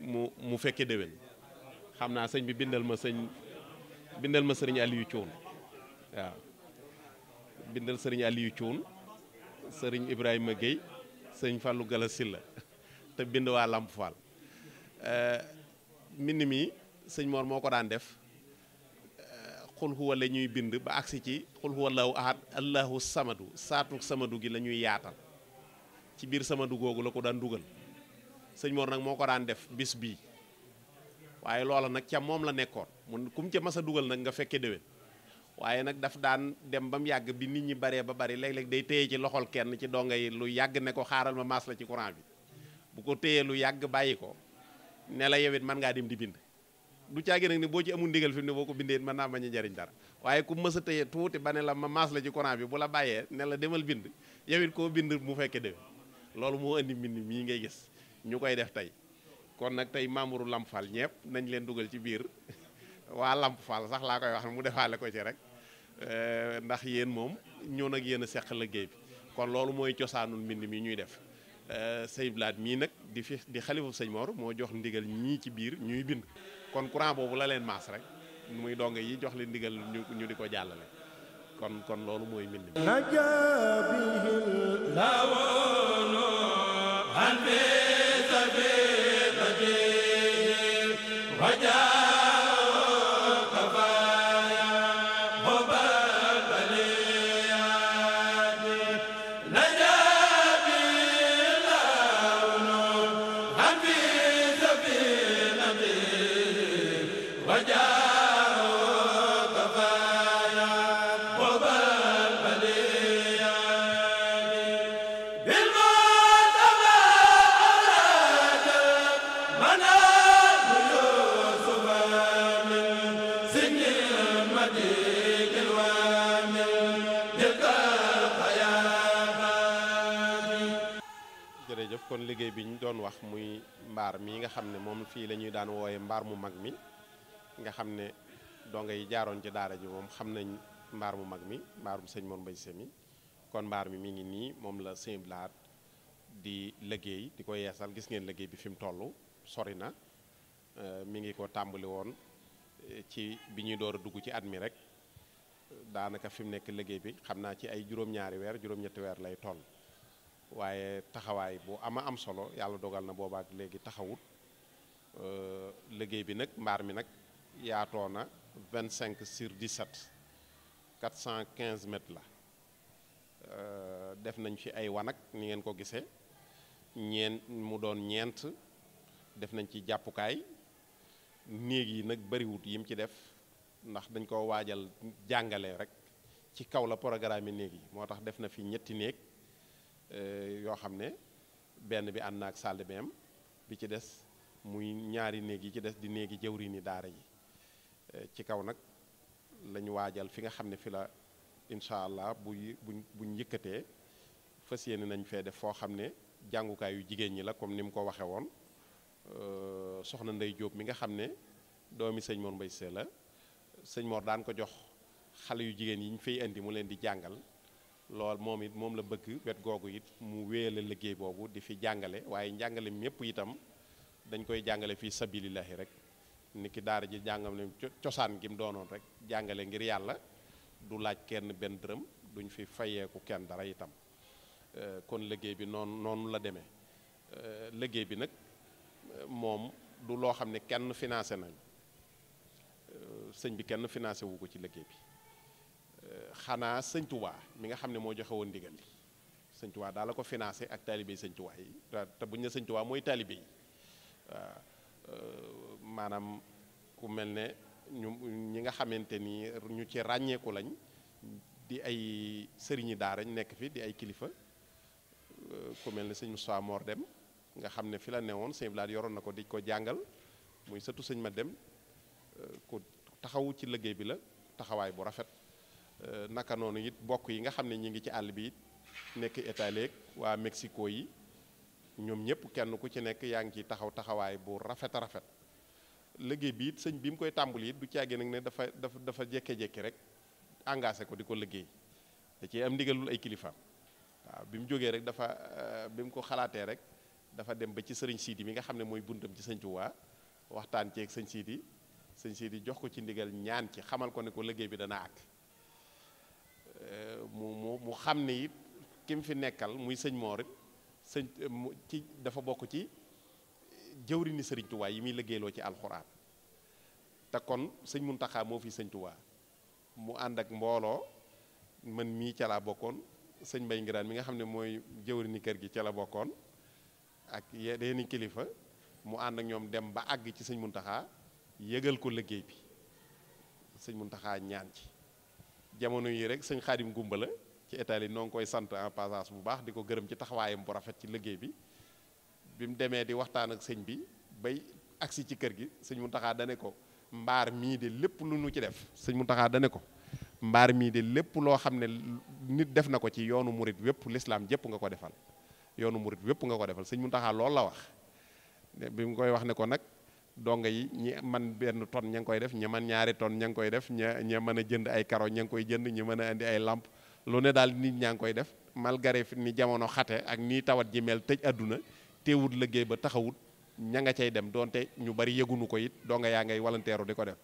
mu mu fekkee déwén xam naa sëñ bi bindal ma sëñ bindal ma sëriñ Aliou Thioune waaw bindal sëriñ Aliou Thioune sëriñ Ibrahima Guèye sëñ Fallou Gala Silla te bind waa Lamp Fall euh, mbind mi sëñ Mor moo ko daan def xul huwa ñuy bind ba agsi ci xul huwa allahu ahad allahu samadu saatu samadu gi la ñuy yaatal ci biir samadu googu la ko daan dugal sëñ Mor nag moo ko daan def bis bii waaye loola nag ca moom la nekkoon mun kum ca mas a dugal nag nga fekke déwén waaye nag daf daan dem ba mu yàgg bi nit ñi baree ba bari léeg-léeg day téye ci loxol kenn ci donga yi lu yàgg ne ko xaaral ma maas la ci courant bi bu ko téyee lu yàgg bàyyi ko ne la yow it mën ngaa dem di bind du caagi nag ni boo ci amul ndigal fi mu ne boo ko bindee ma naa bañ a jariñ dara waaye ku mës a tëye tuuti ba ne la ma maas la ci courant bi bu la bàyyee ne la demal bind yow koo bind mu fekke déwén loolu moo indi mbind mii ngay gis ñu koy def tey kon nag tey membre Lamp Fall ñëpp nañ leen dugal ci biir waa Lamp Fall sax laa koy wax mu defaale ko ci rek euh, ndax yéen moom ñoo nag yéen a seq liggéey bi kon loolu mooy cosaanul mbind mi ñuy def euh, sëy blaat mii nag di di xalifu sëñ Mor moo jox ndigal ñii ci biir ñuy bind kon courant boobu la leen maas rek muy donge yi jox leen ndigal ñu di ko jàllale kon kon loolu mooy mbind mi jërëjëf kon liggéey bi ñu doon wax muy mbaar mii nga xam ne moom fii lañuy daan wooye mbaar mu mag mi nga xam ne donga yi jaaroon ci daara ji moom xam nañ mbaar mu mag mi mbaarum sëñ Mor Mbaye Semi kon mbaar mi mi ngi nii moom la sëñ Blaat di liggéey di ko yeesal gis ngeen liggéey bi fi mu toll sori na euh, mi ngi ko tàmbali woon euh, ci bi ñuy door a dugg ci at mi rek daanaka fi mu nekk liggéey bi xam naa ci ay juróom-ñaari weer juróom-ñetti weer lay toll waaye taxawaay boo ama am solo yàlla dogal na boobaak léegi taxawut euh, liggéey bi nag mbaar mi nag yaatoo na 25 sur 17 415 mètres la def nañ ci ay wanak ni ngeen ko gisee ñeen mu doon ñeent def nañ ci jàppukaay néeg yi nag bariwut yim ci def ndax dañ ko waajal jàngale rek ci kaw la programme néeg yi moo tax def na fi ñetti néeg euh, yoo xam ne benn bi ànd na ak salle de bi ci des muy ñaari néeg yi ci des di néegi jëwriñi daara yi euh, ci kaw nag lañu waajal fi nga xam ne fi la incha allah bu buñ buñ yëkkatee fas yéene nañ fee def foo xam ne jàngukaay yu jigéen ñi la comme ni mu ko waxe woon Euh, soxna Ndey Jóob mi nga xam ne doomi sëñ Mor Mbay Se la sëñ Mor daan ko jox xale yu jigéen yi ñu fay indi mu leen di jàngal lool moom it moom la bëgg wet googu it mu wéyale liggéey boobu di fi jàngale waaye njàngale mépp itam dañ koy jàngale fii sabilillahi rek ni ki daara ji jàngam ne cosaan gi mu doonoon rek jàngale ngir yàlla du laaj kenn benn dërëm duñ fi fayeeku kenn dara itam euh, kon liggéey bi noonu noonu la demee euh, liggéey bi nag moom du loo xam ne kenn financé nañu euh, sëñ bi kenn financé wu ko ci liggéey bi euh, xanaa sëñtuwaa mi nga xam ne moo joxe woon ndigal li sëñ Touba daal la ko financé ak taalibe yi sëñ yi te buñ ne sëñ mooy taalibe yi euh, maanaam ku mel ne ñu ñi nga xamante ni ñu ci ràññeeku lañ di ay sëriñi daarañ nekk fi di ay kilifa ku mel ne sëñ Moussa Mor dem nga xam ne fi la newoon sëñ Blaat yoroon na ko di ko jàngal muy sëtu sëñ ma dem euh, ku taxawu ci liggéey bi la taxawaay bu rafet euh, naka noonu it bokk yi nga xam ne ñi ngi ci àll bi it nekk étaleeg waa Mexico yi ñoom ñëpp kenn ku ci nekk yaa ngi ciy taxaw taxawaay bu rafet rafet liggéey bi it sëñ bi mu koy tàmbali it du caagee nag ne dafa daf dafa jekke-jekki rek engagé ko di ko liggéey da ci am ay kilifaam bi mu jógee rek dafa euh, bi mu ko xalaatee rek dafa dem ba ci sëriñ Sidi mi nga xam ne mooy buntam ci sëñ Tuubaa waxtaan ceeg sëñ Sidi sëñ Sidi jox ko ci ndigal ñaan ci xamal ko ne ko liggéey bi dana àgg mu mu xam ne it ki mu fi nekkal muy sëñ moo it sëñ ci dafa bokk ci jëwriñu sëriñ yi muy liggéeyloo ci alxuraan te kon sëñ Muntaxaa moo fi sëñ Tuubaa mu ànd ak mbooloo mën mii ca laa bokkoon sëñ Mbay Ngiraan mi nga xam ne mooy jëwriñu kër gi ca la bokkoon. ak yeneeni kilifa mu ànd ñoom dem ba àgg ci sëñ Muntaxa yëgal ko liggéey bi sëñ Muntaxa ñaan ci jamono yii rek sëñ Xaadim Gumba la ci Italie noo ngi koy sant en passage bu baax di ko gërëm ci taxawaayam bu rafet ci liggéey bi bi mu demee di waxtaan ak sëñ bi bay agsi ci kër gi sëñ Muntaxa dane ko mbaar mii de lépp lu nu ci def sëñ Muntaxa dane ko mbaar mii de lépp loo xam ne nit def na ko ci yoonu murit wépp lislaam jëpp nga ko defal yoonu murit wépp nga ko defal sëñ mu Muntaxa lool la wax bi mu koy wax ne ko nag donga yi ñi man benn tonne ña ngi koy def ñi man ñaari tonne ña ngi koy def ña mën a jënd ay karo ña ngi koy jënd ñi mën a indi ay làmp lu ne daal nit ñaa ngi koy def malgré ni jamono xate ak nii tawat ji mel tëj àdduna teewut liggéey ba taxawut ña nga cay dem donte ñu bari yëgunu ko it donga yaa ngay walanteeru di ko def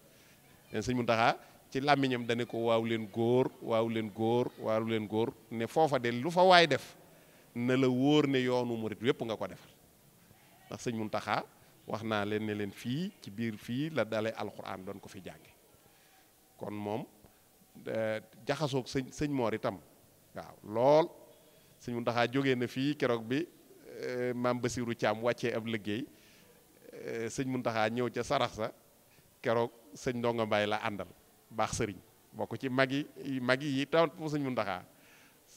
leen sëñ Muntaxa ci làmmiñam dane ko waaw leen góor waaw leen góor waaw leen góor ne foofa de lu fa waay def na la wóor ne yoonu murit wépp nga ko defal ndax sëñ Muntaxa wax naa leen ne leen fii ci biir fii la dale alxuraan doon ko fi jànge kon moom jaxasoog sëñ sëñ moor waaw lool sëñ Muntaxa jóge na fii keroog bi eh, maam Basiiru Caam wàcce ab liggéey eh, sëñ mun taxaa ñëw ca sarax sa keroog sëñ Ndonga bàyyi la àndal baax sëriñ bokk ci mag yi mag yi taw sëñ Muntaxa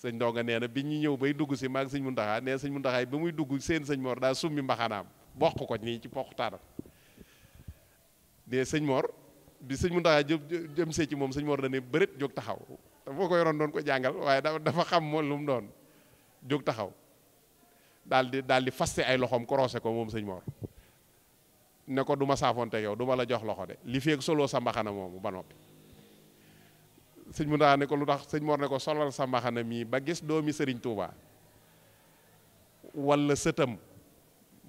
sëñ ndonga nee na bi ñu ñëw bay dugg si maag sëñ muntaxaa nee sëñ muntaxaay ba muy dugg seen sëñ moor daa summi mbaxanaam bokk ko nii ci poqtaanam nee sëñ moor bi sëñ muntaxaa jëm jëm see ci moom sëñ moor dane bërét jóg taxaw dafa ko yoroon doon ko jàngal waaye dafa xam moom lu mu doon jóg taxaw dal di daal di faste ay loxoom korosé ko moom sëñ moor ne ko du ma saafoonte yow du ma la jox loxo de li feeg soloo sa mbaxana moomu ba noppi sëñ mu daa ne ko lu tax sëñ Mor ne ko solal sa mbaxana mii ba gis doomi sëriñ Touba wala sëtam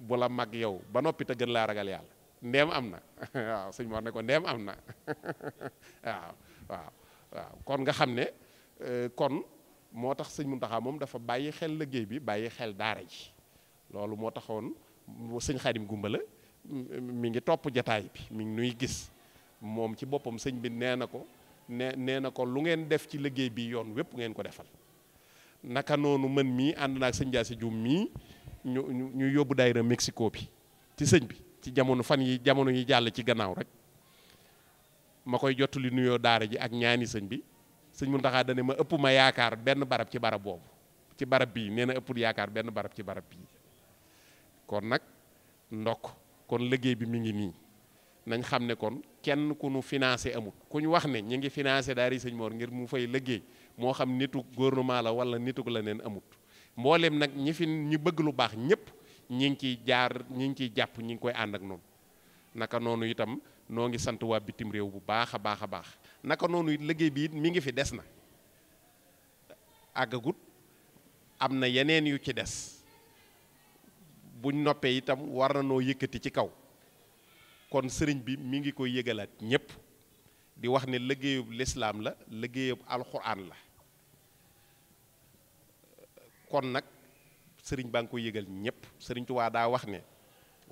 bu la mag yow ba noppi te gën laa ragal yàlla ndeem am na waaw sëñ Mor ne am na waaw nga xam ne euh, kon moo tax sëñ Muntaxa moom dafa bàyyi xel liggéey bi bàyyi xel daara ji loolu moo taxoon sëñ Xaadim Gumbala mi ngi topp jataay bi mi nuy gis moom ci boppam sëñ bi nee na ko ne nee na ko lu ngeen def ci liggéey bi yoon wépp ngeen ko defal naka noonu mën mii ànd naak sëñ Jaasi Juum mii ñu ñu yóbbu daayira Mexico bi ci sëñ bi ci jamono fan yi jamono yi jàll ci gannaaw rek ma koy jottali nuyoo daara ji ak ñaani sëñ bi sëñ Muntaxa dane ma ëpp ma yaakaar benn barab ci barab boobu ci barab bii nee na ëppul yaakaar benn barab ci barab bii kon nag ndokk kon liggéey bi mi ngi nii nañ xam ne kon kenn ku nu financé amul ku ñu wax ne ñi ngi financé daari sëñ Mor ngir mu fay liggéey moo xam nitu gouvernement la wala nitu la neen amut mboolem nag ñi fi ñi bëgg lu baax ñépp ñi ngi ciy jaar ñi ngi ciy jàpp ñi ngi koy ànd ak noonu naka noonu itam noo ngi sant waa bitim réew bu baax a baax a baax naka noonu it liggéey bi mi ngi fi des na àggagut am na yeneen yu ci des bu noppee itam war na noo yëkkati ci kaw kon sëriñ bi mu ngi ko yëgalaat ñépp di wax ne liggéeyub lislaam la liggéeyub alxuraan la kon nag sëriñ baa ngi koy yëgal ñépp sëriñ Tuubaa daa wax ne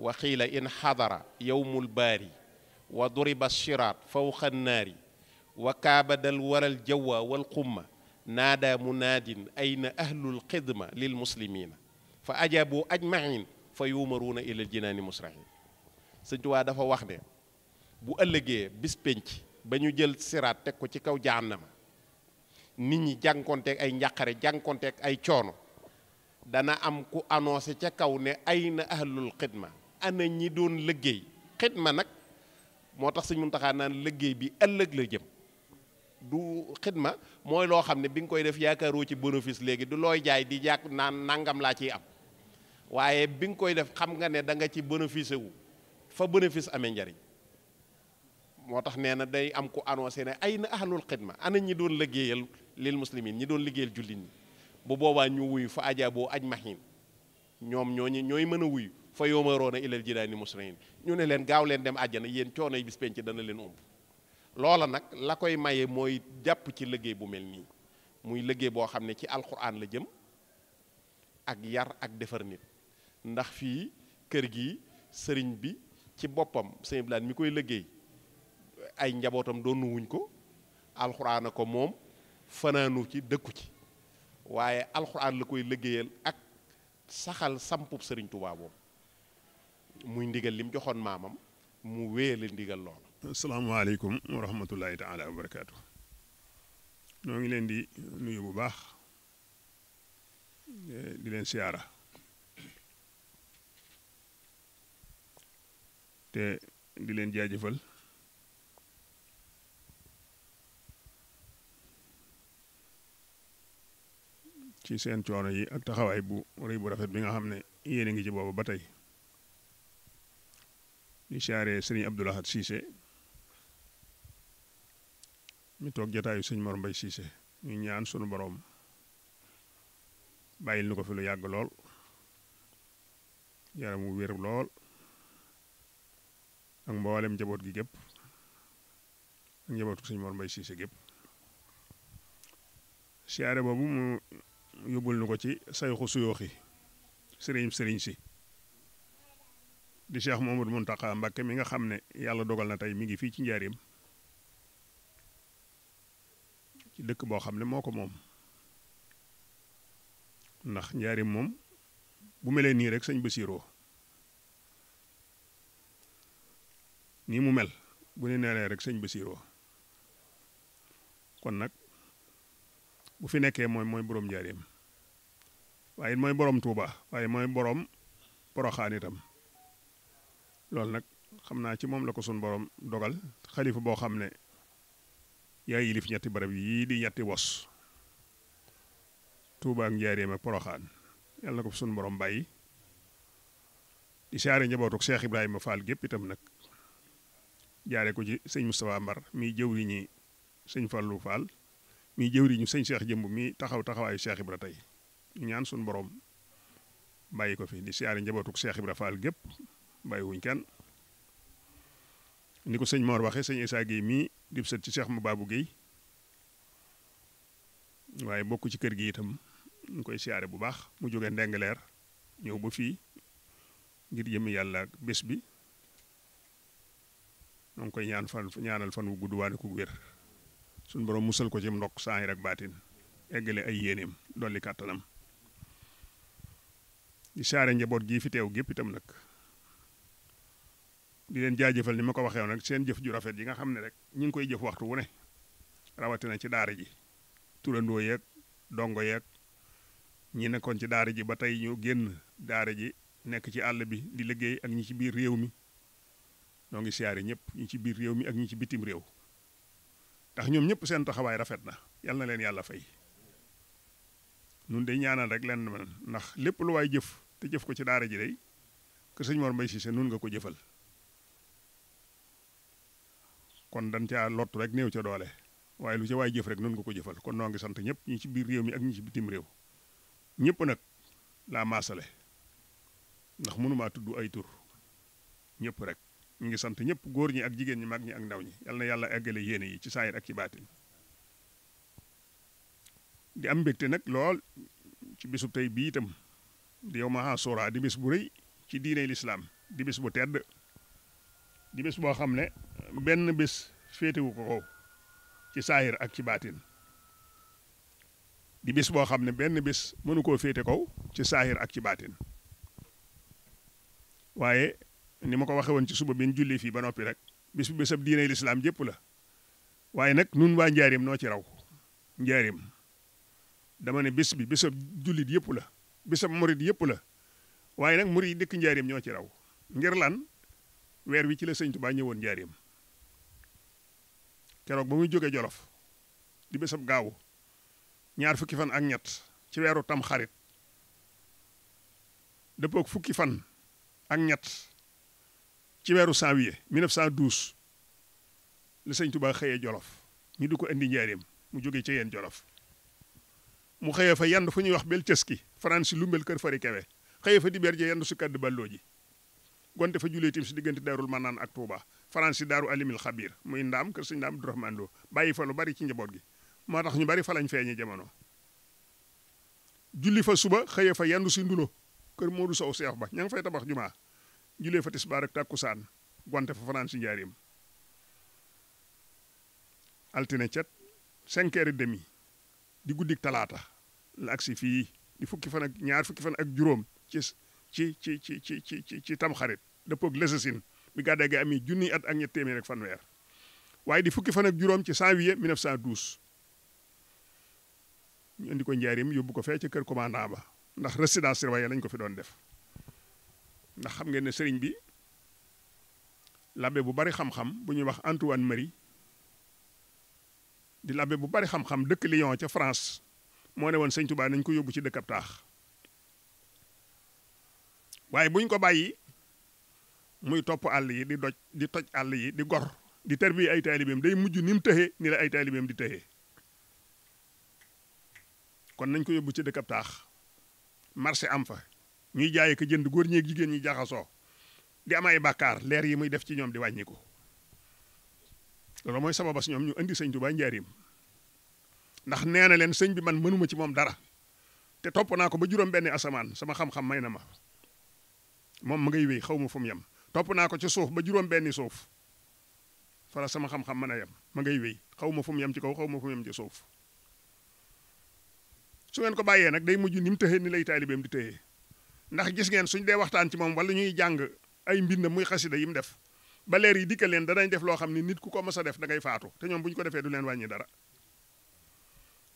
wa xiila in xadara yowmul baari wa duriba shiraat fawqa naari wa kaabadal waral jawwa wal xumma naada munaadin ayna ahlul xidma lil muslimiina fa ajaabu ajmain fa yuumaruuna ilal jinaani musrahin sëñ Tuubaa dafa wax ne bu ëllëgee bis pénc ba ñu jël siraat teg ko ci kaw jahannama nit ñi jànkonteeg ay njàqare jànkonteeg ay coono dana am ku annoncé ca kaw ne ay na ahlul xidma ana ñi doon liggéey xidma nag moo tax sëñ mun naan liggéey bi ëllëg la jëm du xidma mooy loo xam ne bi nga koy def yaakaaroo ci bénéfice léegi du looy jaay di jàkk naan nangam laa ciy am waaye bi nga koy def xam nga ne da nga ci bénéfice wu fa bénéfice amee njariñ moo tax nee na day am ku annoncé ne ay na ahlul xidma ana ñi doon liggéeyal lil muslimin ñi doon liggéeyal jullit ñi bu boobaa ñu wuyu fa ajaaboo aj mahin ñoom ñooñu ñooy mën a wuyu fa yoomaroona ilal jidaani musriin ñu ne leen gaaw leen dem àjjana yéen coono yi bis penc dana leen umb loola nag la koy maye mooy jàpp ci liggéey bu mel nii muy liggéey boo xam ne ci alxuraan la jëm ak yar ak defar nit ndax fii kër gi sëriñ bi ci boppam sëñ Ibrahima mi koy liggéey ay njabootam doonu wuñ ko alxuraana ko moom fanaanu ci dëkku ci waaye alxuraan la koy liggéeyal ak saxal sampub sëriñ Tuubaa boobu muy ndigal lim joxoon maamam mu wéyale ndigal loolu asalaamaaleykum wa rahmatullahi taala wa barakaatu noo ngi leen di nuyu bu baax eh, di leen siyaara te di leen jaajëfal ci seen coono yi ak taxawaay bu rëy bu rafet bi nga xam ne yéen a ngi ci boobu ba tey di siyaare sëriñ Abdou Lahad Cissé mi toog jotaayu sëñ Mor Mbaye Cissé ñu ñaan sunu boroom bàyyil nu ko fi lu yàgg lool yaram yaramu wér lool ak mboolem njaboot gi gépp ak njaboot ko sëñ Mor Mbaye Cissé gépp siyaare boobu mu yóbbul nu ko ci sayxu suyooxi sëriñ sëriñ si di Cheikh Mouhamadou Mountakha Mbacké mi nga xam ne yàlla dogal na tey mi ngi fii ci njaarim ci dëkk boo xam ne moo ko moom ndax njaareem moom bu melee nii rek sëñ Basiroo nii mu mel bu ñu neeree rek sëñ Basiroo kon nag bu fi nekkee mooy mooy boroom njaareem waaye mooy borom Touba waaye mooy boroom Poroxaan itam loolu nag xam naa ci moom la ko sun boroom dogal xalifa boo xam ne yaa yilif ñetti barab yii di ñetti wos Touba ak njaareem ak Poroxaan yàlla na ko fi sun borom bàyyi di saare njabootuk Cheikh Ibrahima Fall gépp itam nag. jaare ko ci sëñ Moustapha Mbar mii jëwriñi sëñ Fallou Fall mii jëwriñu sëñ Cheikh Jëmb mii taxaw taxawaayu Cheikh Ibra tey ñu ñaan suñu boroom bàyyi ko fi di siyaare njabootuk Cheikh Ibra Fall gépp bàyyi wuñ kenn ni ko sëñ Mor waxe sëñ Issa Guèye mii dib sët ci Cheikh Mababou Guèye waaye bokk ci kër gi itam ñu koy siyaare bu baax mu jógee Ndengleer ñëw ba fii ngir jëmm yàlla ak bés bi noo koy ñaan fan ñaanal fan wu gudd waane ku wér suñu borom musal ko ci ndokk saahir rek baatin eggale ay yéeneem dolli kàttanam di saare njaboot gii fi teew gépp itam nag di leen jaajëfal ni ma ko waxee nag seen jëf ju rafet yi nga xam ne rek ñu ngi koy jëf waxtu wu ne rawatina ci daara ji turandoo yeeg dongo yeeg ñi nekkoon ci daara ji ba tey ñu génn daara ji nekk ci àll bi di liggéey ak ñi ci biir réew mi ñoo ngi siyaare ñëpp ñi ci biir réew mi ak ñu ci bitim réew ndax ñoom ñëpp seen taxawaay rafet na yal na leen yàlla fay nun de ñaanal rek lenn ndax lépp lu waay jëf te jëf ko ci daara ji day que sëñ Mor si seen nun nga ko jëfal kon dañ caa lottu rek néew ca doole waaye lu ca waay jëf rek nun nga ko jëfal kon noo ngi sant ñëpp ñu ci biir réew mi ak ñi ci bitim réew ñëpp nag laa maasale ndax mënumaa tudd ay tur ñëpp rek ñu ngi sant ñëpp góor ñi ak jigéen ñi mag ñi ak ndaw ñi yal na yàlla eggale yéene yi ci saayir ak ci baatin di am mbégte nag lool ci bisu tey bii itam di yow ma sora di bis bu rëy ci diine lislaam di bis bu tedd di bis boo xam ne benn bis féetewu ko kaw ci saayir ak ci baatin di bis boo xam ne benn bis mënu koo féete kow ci saayir ak ci baatin waaye ni ma ko waxee woon ci suba bi ñu julli fii ba noppi rek bis bu bésab diine lislaam jëpp la waaye nag nun waa njaarim noo ci raw njaarim dama ne bis bi bésab jullit yëpp la bisab murit yëpp la waaye nag murit yi dëkk njaarim ñoo ci raw ngir lan weer wi ci la sëñ Tuubaa ñëwoon njaarim keroog ba muy jóge jolof di bésab gaaw ñaar fukki fan ak ñett ci weeru tam xarit dëppook fukki fan ak ñett ci weeru janvier 1912 la sëñ Touba xëyee Jolof ñu di ko indi njaareem mu jógee ci yenn Jolof mu xëyee fa yand fu ñuy wax bel ki faran si lumbel kër fari kewe xëyee fa dibeer ji yand su kaddu balloo ji gonte fa jullee tim si diggante daarul manaan ak Touba faran si daaru alimil xabir muy ndaam kër sëñ ndaam Abdourahmane bàyyi fa lu bari ci njaboot gi moo tax ñu bari fa lañ feeñee jamono julli fa suba xëyee fa yandu si ndulo kër Modou Sow Seex ba ña nga fay tabax jumaa julee fa tisbaar ak tàkkusaan gonte fa fanaan si njaareem altine cet cinq heures et demi di guddik talaata la agsi fii di fukki fan ak ñaar fukki fan ak juróom ci ci ci ci ci ci ci ci tamxarit dëppoog lesasin bi gàddaay gi amee junniy at ak ñett téeméer ak fanweer waaye di fukki fan ak juróom ci janvier 1912 ñu indi ko njaareem yóbbu ko fee ca kër commandant ba ndax résidence surveillée lañ ko fi doon def ndax xam ngeen ne sëriñ bi labbe bu bari xam-xam bu ñuy wax Antoine Marie di labbe bu bari xam-xam dëkk Lyon ca France moo ne woon sëñ Touba nañ ko yóbbu ci dëkkab taax waaye buñ ko bàyyi muy topp àll yi di doj di toj àll yi di gor di terbi ay taalibeem day mujj ni mu tëxee ni la ay taalibeem di tëxee kon nañ ko yóbbu ci dëkkab taax marché am fa ñuy jaay ko jënd góor ñeeg jigéen ñi jaxasoo di am ay bàkkaar leer yi muy def ci ñoom di wàññi ko loolu mooy sababas ñoom ñu indi sëñ Tuubaa njaarim ndax nee na leen sëñ bi man mënuma ci moom dara te topp naa ko ba juróom benn asamaan sama xam-xam may na ma moom ma ngay wéy xaw ma fu mu yem topp naa ko ci suuf ba juróom benni suuf fala sama xam-xam mën a yem ma ngay wéy xaw ma fu mu ci kaw xaw ma fu mu yem ci suuf su ngeen ko bàyyee nag day mujj ni mu tëxee ni lay taalibeem di tëxee ndax gis ngeen suñ dee waxtaan ci moom wala ñuy jàng ay mbind muy xasida yi mu def ba leer yi dikkal leen danañ def loo xam ne nit ku ko mës a def da ngay faatu te ñoom bu ñu ko defee du leen wàññi dara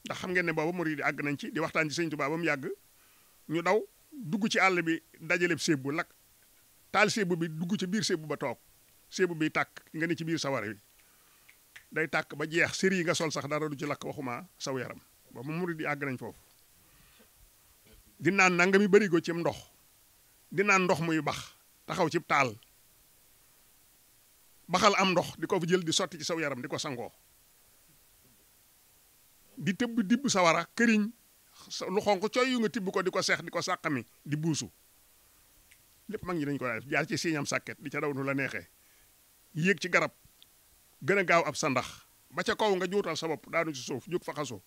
ndax xam ngeen ne booba murid yi àgg nañ ci waxtaan ci sëñ Tuubaa ba mu yàgg daw dugg ci àll bi dajaleb séebu lakk taal séebu bi dugg ci biir séebu ba toog séebu bi tàkk nga ci biir sawara bi day tàkk ba jeex séri yi nga sol sax dara du ci lakk waxuma saw yaram booba murid yi àgg nañ foofu di naan nangami barigo cim ndox di naan ndox muy bax taxaw cib taal baxal am ndox di ko fa jël di sotti ci saw yaram di ko sangoo di tëbb dibb sawara këriñ lu xonq coy yu nga tibb ko di ko seex di ko sàqami di buusu lépp mag ñi dañ ko def jaar ci siiñam sàkket di ca daw nu la neexee yéeg ci garab gën a gaaw ab sandax ba ca kaw nga juutal sa bopp daanu ci suuf jóg fa xasu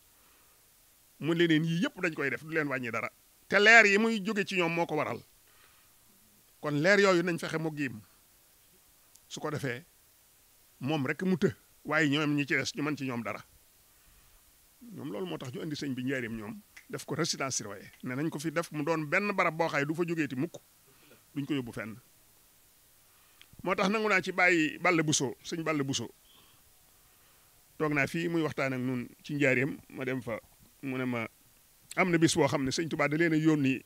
mu leneen yii yëpp dañ koy def du leen wàññi dara te leer yi muy jóge ci ñoom moo ko waral kon leer yooyu nañ fexe mu giim su ko defee moom rekk mu të waaye ñoom ñi ci des ñu mën ci ñoom dara ñoom loolu moo tax ñu indi sëñ bi njaarim ñoom def ko résidence surveillée ne nañ ko fi def mu doon benn barab boo xay du fa ti mukk duñ ko yóbbu fenn moo tax nangu naa ci bàyyi Balla Bousso sëñ Balla Bousso toog naa fii muy waxtaan ak nun ci njaareem ma dem fa mu ne ma am na bis boo xam ne sëñ Tuubaa da leen a yónni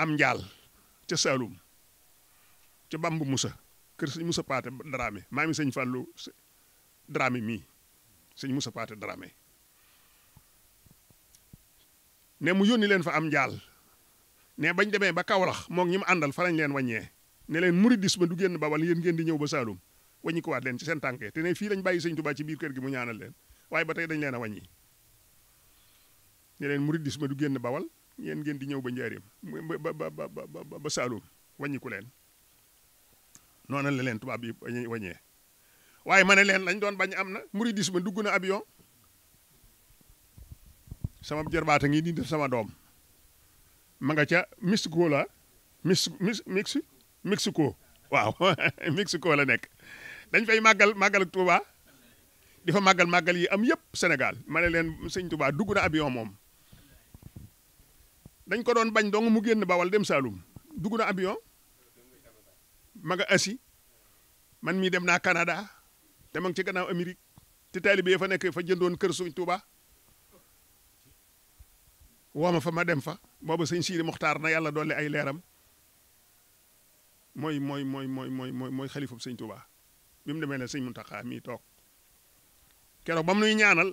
am njaal ca Saalum ca Bambu Musa kër sëñ Musa Paate Dramé maa mi sëñ Fàllu Dramé mii sëñ Musa Paate Dramé ne mu yónni leen fa am njaal ne bañ demee ba Kawlax moom ñi mu àndal fa lañ leen wàññee ne leen muridisme du génn ba wala yéen ngeen di ñëw ba Saalum wàññi leen ci seen tànk te ne fii lañ bàyyi sëñ Tuubaa ci biir kër gi mu ñaanal leen waaye ba tey dañ leen a wàññi ne leen ma du génn bawal yéen ngeen di ñëw ba njaareem ba ba ba ba ba Saalum wàññiku leen noonu la leen tubaab yi wàññee waaye ma ne leen lañ doon bañ am na muridisme dugg na avion sama jarbaata ngi di def sama doom ma nga ca Mexico la mis mis mix Mexico waaw Mexico la nekk dañ fay màggal màggal Touba di fa màggal màggal yi am yëpp senegal ma ne leen sëñ Touba dugg na avion moom dañ ko doon bañ dong mu génn Bawal dem Saalum dugg na avion ma nga asi man mii dem naa Canada te ma ci gannaaw Amérique te taalibe fa nekk fa jëndoon kër suñ Touba woo ma fa ma dem fa boobu sëñ Siiri Muxtaar na yàlla dolli ay leeram mooy mooy mooy mooy mooy mooy mooy xalifab sëñ Touba bi mu demee ne sëñ mu Muntaxa mii toog keroog ba mu nuy ñaanal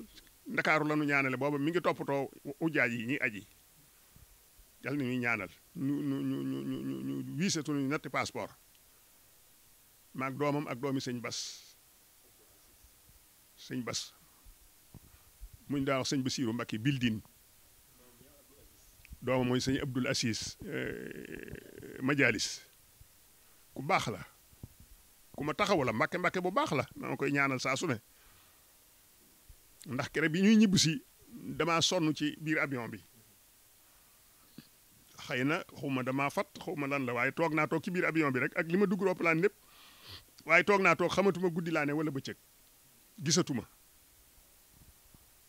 ndakaaru la nu ñaanale booba mi ngi toppatoo ujaaj yi ñuy aji yàlla na ñuy ñaanal ñu ñu ñu ñu ñu ñu passeport maag doomam ak doomi sëñ Bas sëñ Bas muñ daa wax sëñ Basiiru Mbàkke Bildin doomam mooy sëñ Abdul Asis eh, Majalis ku baax la ku ma taxaw la Mbàkke Mbàkke bu baax la ma koy ñaanal saa ne ndax kere bi ñuy ñibb si damaa sonn ci biir avion bi. xëy na xaw ma damaa fat xaw ma lan la waaye toog naa toog ci biir avion bi rek ak li ma dugg roplaan lépp waaye toog naa toog xamatuma guddi laa ne wala bëccëg gisatuma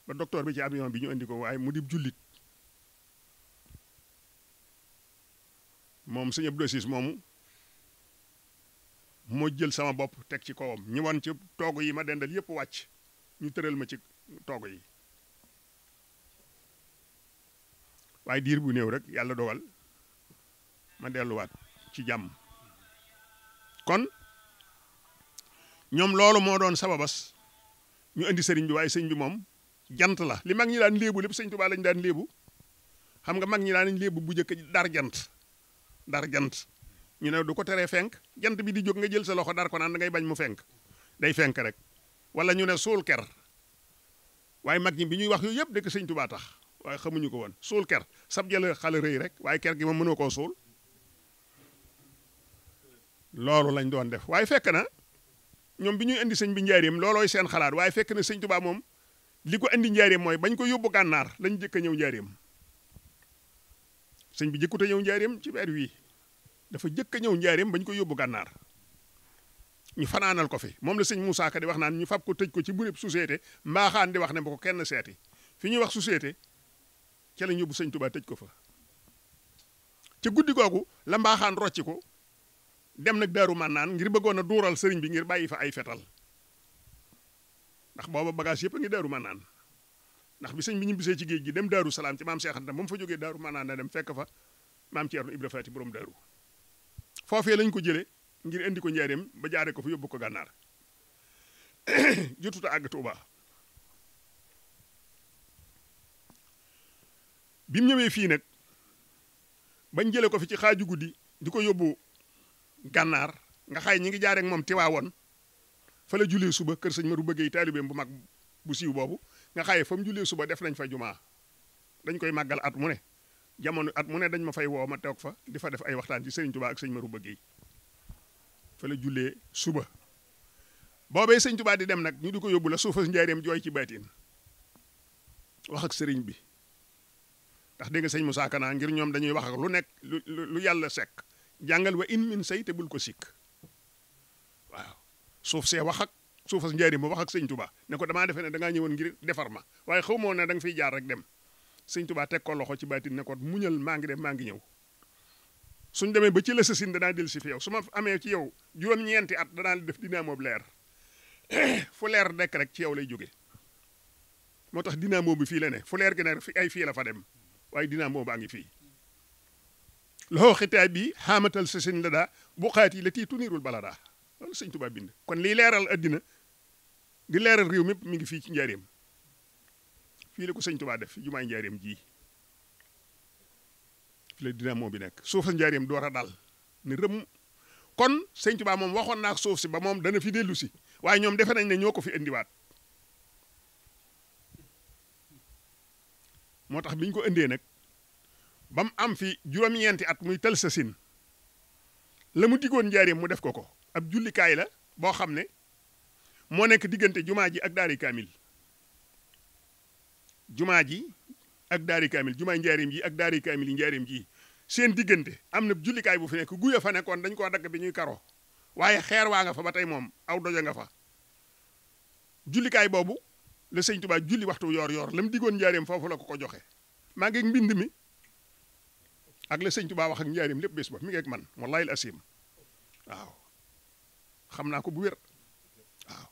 ba docteur bi ci avion bi ñu indi ko waaye mu di jullit moom sëñ Abdou Ciss moomu moo jël sama bopp teg ci kawam ñu wan ci toogu yi ma dendal yëpp wàcc ñu tëral ma ci toogu yi waaye diir bu néew rek yàlla dogal ma delluwaat ci jàmm kon ñoom loolu moo doon sababas ñu indi sëriñ bi waaye sëñ bi moom jant la li mag ñi daan léebu lépp sëñ Tuubaa lañ daan léebu xam nga mag ñi daan nañ léebu bu njëkk dar jant dar jant ñu ne du ko teree fenk jant bi di jóg nga jël sa loxo dar ko naan da ngay bañ mu fenk day fenk rek wala ñu ne suul ker waaye mag ñi bi ñuy wax yooyu yëpp dekk sëñ Tuubaa tax waaye xamuñu ko woon suul ker sab jële xale rëy rek waaye ker gi moom mënoo koo suul loolu lañ doon def waaye fekke na ñoom bi ñuy indi sëñ bi njaareem loolooy seen xalaat waaye fekk na sëñ Tuubaa moom li ko indi njaareem mooy bañ ko yóbbu gànnaar lañ jëkk a ñëw njaareem sëñ bi jëkkut a ñëw njaareem ci weer wii dafa jëkk a ñëw njaareem bañ ko yóbbu gànnaar ñu fanaanal ko fi moom la sëñ Moussa Ka di wax naan ñu fab ko tëj ko ci béréb société mbaaxaan di wax ne ba ko kenn seeti fi ñuy wax société ca lañ yóbbu sëñ Tuubaa tëj ko fa ci guddi googu la mbaaxaan rocci ko dem nag daaru mànnaan ngir bëggoon a duural sëriñ bi ngir bàyyi fa ay fetal ndax booba bagage yëpp a ngi daaru mànnaan ndax bi sëñ bi ñibbisee ci géej gi dem daaru salaam ci maam Cheikh Anta moom fa jógee daaru mànnaan na dem fekk fa maam Ceerno Ibra Faati borom daaru foofee lañ ko jële ngir indi ko njaareem ba jaare ko fa yóbbu ko gànnaar jotuta àgg Tuubaa bi mu ñëwee fii nag bañ jëlee ko fi ci xaaju guddi di ko yóbbu gànnaar nga xaay ñi ngi jaaree ak moom Tiwaawoon fa la jullee suba kër sëñ Maru bëggee taalibeem bu mag bu siiw boobu nga xaye fa mu suba def nañ fa jumaa dañ koy màggal at mu ne jamono at mu ne dañ ma fay woo ma toog fa di fa def ay waxtaan ci sëriñ Tuubaa ak sëñ Maru bëggee fa la jullee suba boobee sëñ Tuubaa di dem nag ñu di ko yóbbu la suufas njaareem jooy ci baatin wax ak sëriñ bi ndax dégg nga sëñ Moussa naa ngir ñoom dañuy wax ak lu nekk lu lu yàlla sekk jàngal wa in min say te bul ko sikk waaw suuf see wax ak suufas njaari ma wax ak sëñ Touba ne ko damaa defee ne da ngaa ñëwoon ngir defar ma waaye xaw moo ne da nga jaar rek dem sëñ Touba teg ko loxo ci baatin ne ko muñal maa dem maa ngi ñëw suñ demee ba ci la sasin danaa del si fi yow su ma amee ci yow juróom-ñeenti at danaa def dinaa moob leer fu leer nekk rek ci yow lay jóge moo tax dinaa moob bi fii la ne fu ay fii la fa dem waaye dynamo baa ngi fii loxoo xitaab bi xaamatal sa sëñ la daa buqaat yi la tii tuniirul bala daa loolu sëñ Tuubaa bind kon lii leeral addina di leeral réew mépp mi ngi fii ci njaareem fii la ko sëñ Tuubaa def jumaay njaareem ji fi la dynamo bi nekk suuf sa njaareem door a dal ne rëm kon sëñ Tuubaa moom waxoon naa ak suuf si ba moom dana fi dellu si waaye ñoom defe nañ ne ñoo ko fi indiwaat moo tax biñ ko indee nag ba mu am fi juróom-ñeenti at muy tël sa la mu diggoon njaareem mu def ko ko ab jullikaay la boo xam ne moo nekk diggante jumaa ji ak daari kaamil jumaa ji ak daari kaamil jumaa njaareem ji ak daari kaamil yi njaareem ji seen diggante am na jullikaay bu fi nekk guya fa nekkoon dañ koo dagg bi ñuy karo waaye xeer waa nga fa ba tey moom aw doja nga fa jullikaay boobu la sëñ Tuubaa julli waxtu yor-yor la mu diggoon njaareem foofu la ko ko joxe maa ngi mbind mi ak la sëñ Tuubaa wax ak njaareem lépp bés mi ngi man wallaay al asim waaw xam naa ko bu wér waaw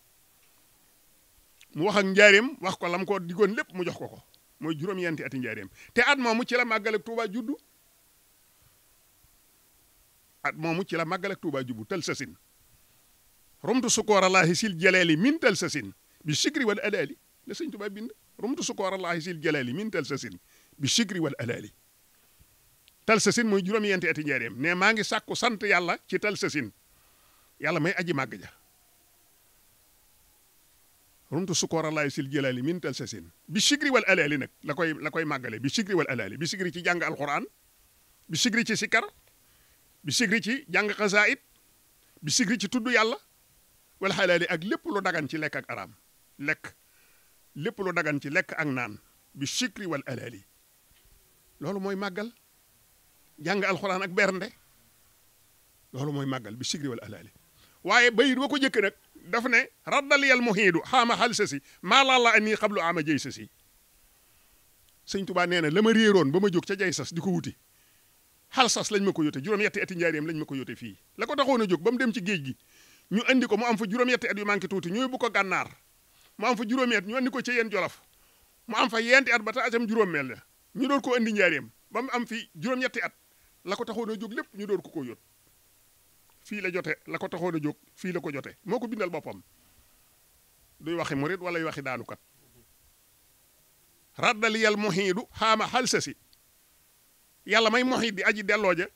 mu wax ak wax ko lam ko diggoon lépp mu jox ko ko mooy juróom-ñeenti ati njaareem te at moomu ci la màggal ak Tuubaa juddu at moomu ci la màggal ak Tuubaa jubbu tal sasin rumtu sukoor alaahi sil jaleeli min tal sasin bi sikri wal adaali la sëñ Tuubaa bind rumtu sukoorallaahi sil jalaali min tal sa sin bi chigri wal alaali tal sa sin mooy juróom yenti ati njaareem ne maa ngi sàkku sant yàlla ci tal sa yàlla may aji màgg ja rumtu sukoorallaahi sil jalaali min tal sa sin bi chigri wal alaali nag la koy la koy màggale bi chigri wal alaali bi sigri ci jàng alquran bi chigri ci sikar bi sigri ci jàng xasaayit bi sigri ci tudd yàlla wala xalaali ak lépp lu dagan ci lekk ak araam lekk lépp lu dagan ci lekk ak naan bi shikri wal alaali loolu mooy màggal jàng alxuraan ak bernde loolu mooy maggal bi shikri wal alaali waaye bayit wa ko jëkk nag daf ne raddaliyal muhiidu xaama xal sa si maalalla anii xablu ama jëy sa si sëñ tubaa nee na la ma réeroon ba ma jóg ca jay sas di ko wuti xal sas lañ ma ko yote juróom-yetti ati njaareem lañ ma ko yote fii la ko taxoon a jóg ba mu dem ci géej gi ñu andi ko mu am fa juróom-yetti at yu manqué tuuti ñuy bu ko gànnaar mu am fa juróomi at ñu ni ko ci yéen jolof mu am fa yeenti at ba ta atam juróom-meel la ñu door ko andi njaareem ba mu am fi juróom-ñetti at la ko taxoon a jóg lépp ñu door ko ko yót fii la jote la ko taxoon a jóg fii la ko jote moo ko bindal boppam duy waxi murit wala yu waxi daanukat raddaliyal muhiidu xaama xalsasi yàlla may muhiid aji delloo ja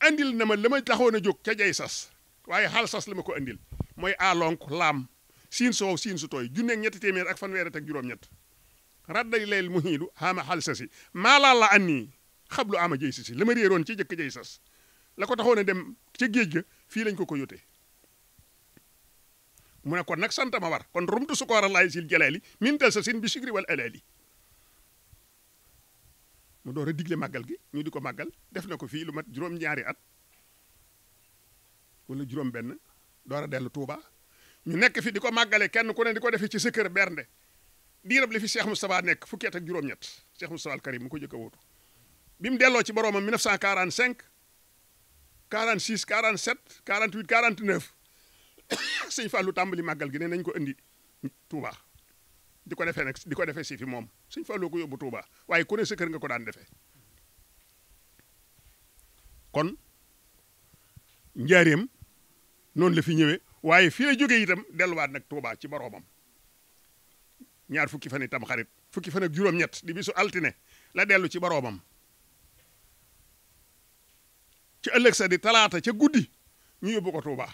andil na ma la may taxoon a jóg ca jay sas waaye xalsas la ma ko andil mooy lonk laam siin su siin su tooy junneeg ñetti téeméer ak fanweer ak juróom-ñett radday leel mu hiilu xaama xal sa si maalaal la an nii xablu ama jëy si si la ma réeroon ci jëkk jëy sas la ko taxoon a dem ca géej ga fii lañ ko ko yóte mu ne kon nag santa ma war kon rumtu sukooral laay sil jalaali mintal sa sin bi sigri wal alaali mu door a digle màggal gi ñu di ko màggal def na ko fii lu mat juróom-ñaari at wala juróom benn door a dellu Tuuba ñu nekk fi di ko màggale kenn ku ne di ko defee ci sa kër bernde diirab li fi Cheikh Moustapha nekk fukki at ak juróom-ñett Cheikh Moustapha al Karim mu ko jëkk a wóotu bi mu delloo ci boroomam 1945 46 47 48 49 sëñ Fallou tàmbali màggal gi ne nañ ko indi Touba di ko defee nag di ko defee si fi moom sëñ Fallou ko yóbbu Touba waaye ku ne sa kër nga ko daan defee kon njaareem noonu la fi ñëwee waaye fi la jógee itam delluwaat nag Touba ci boroomam ñaar fukki fan itam xarit fukki fan ak juróom-ñett di bisu altine la dellu ci boroomam ci ëllëg sa di talaata ca guddi ñu yóbbu ko Touba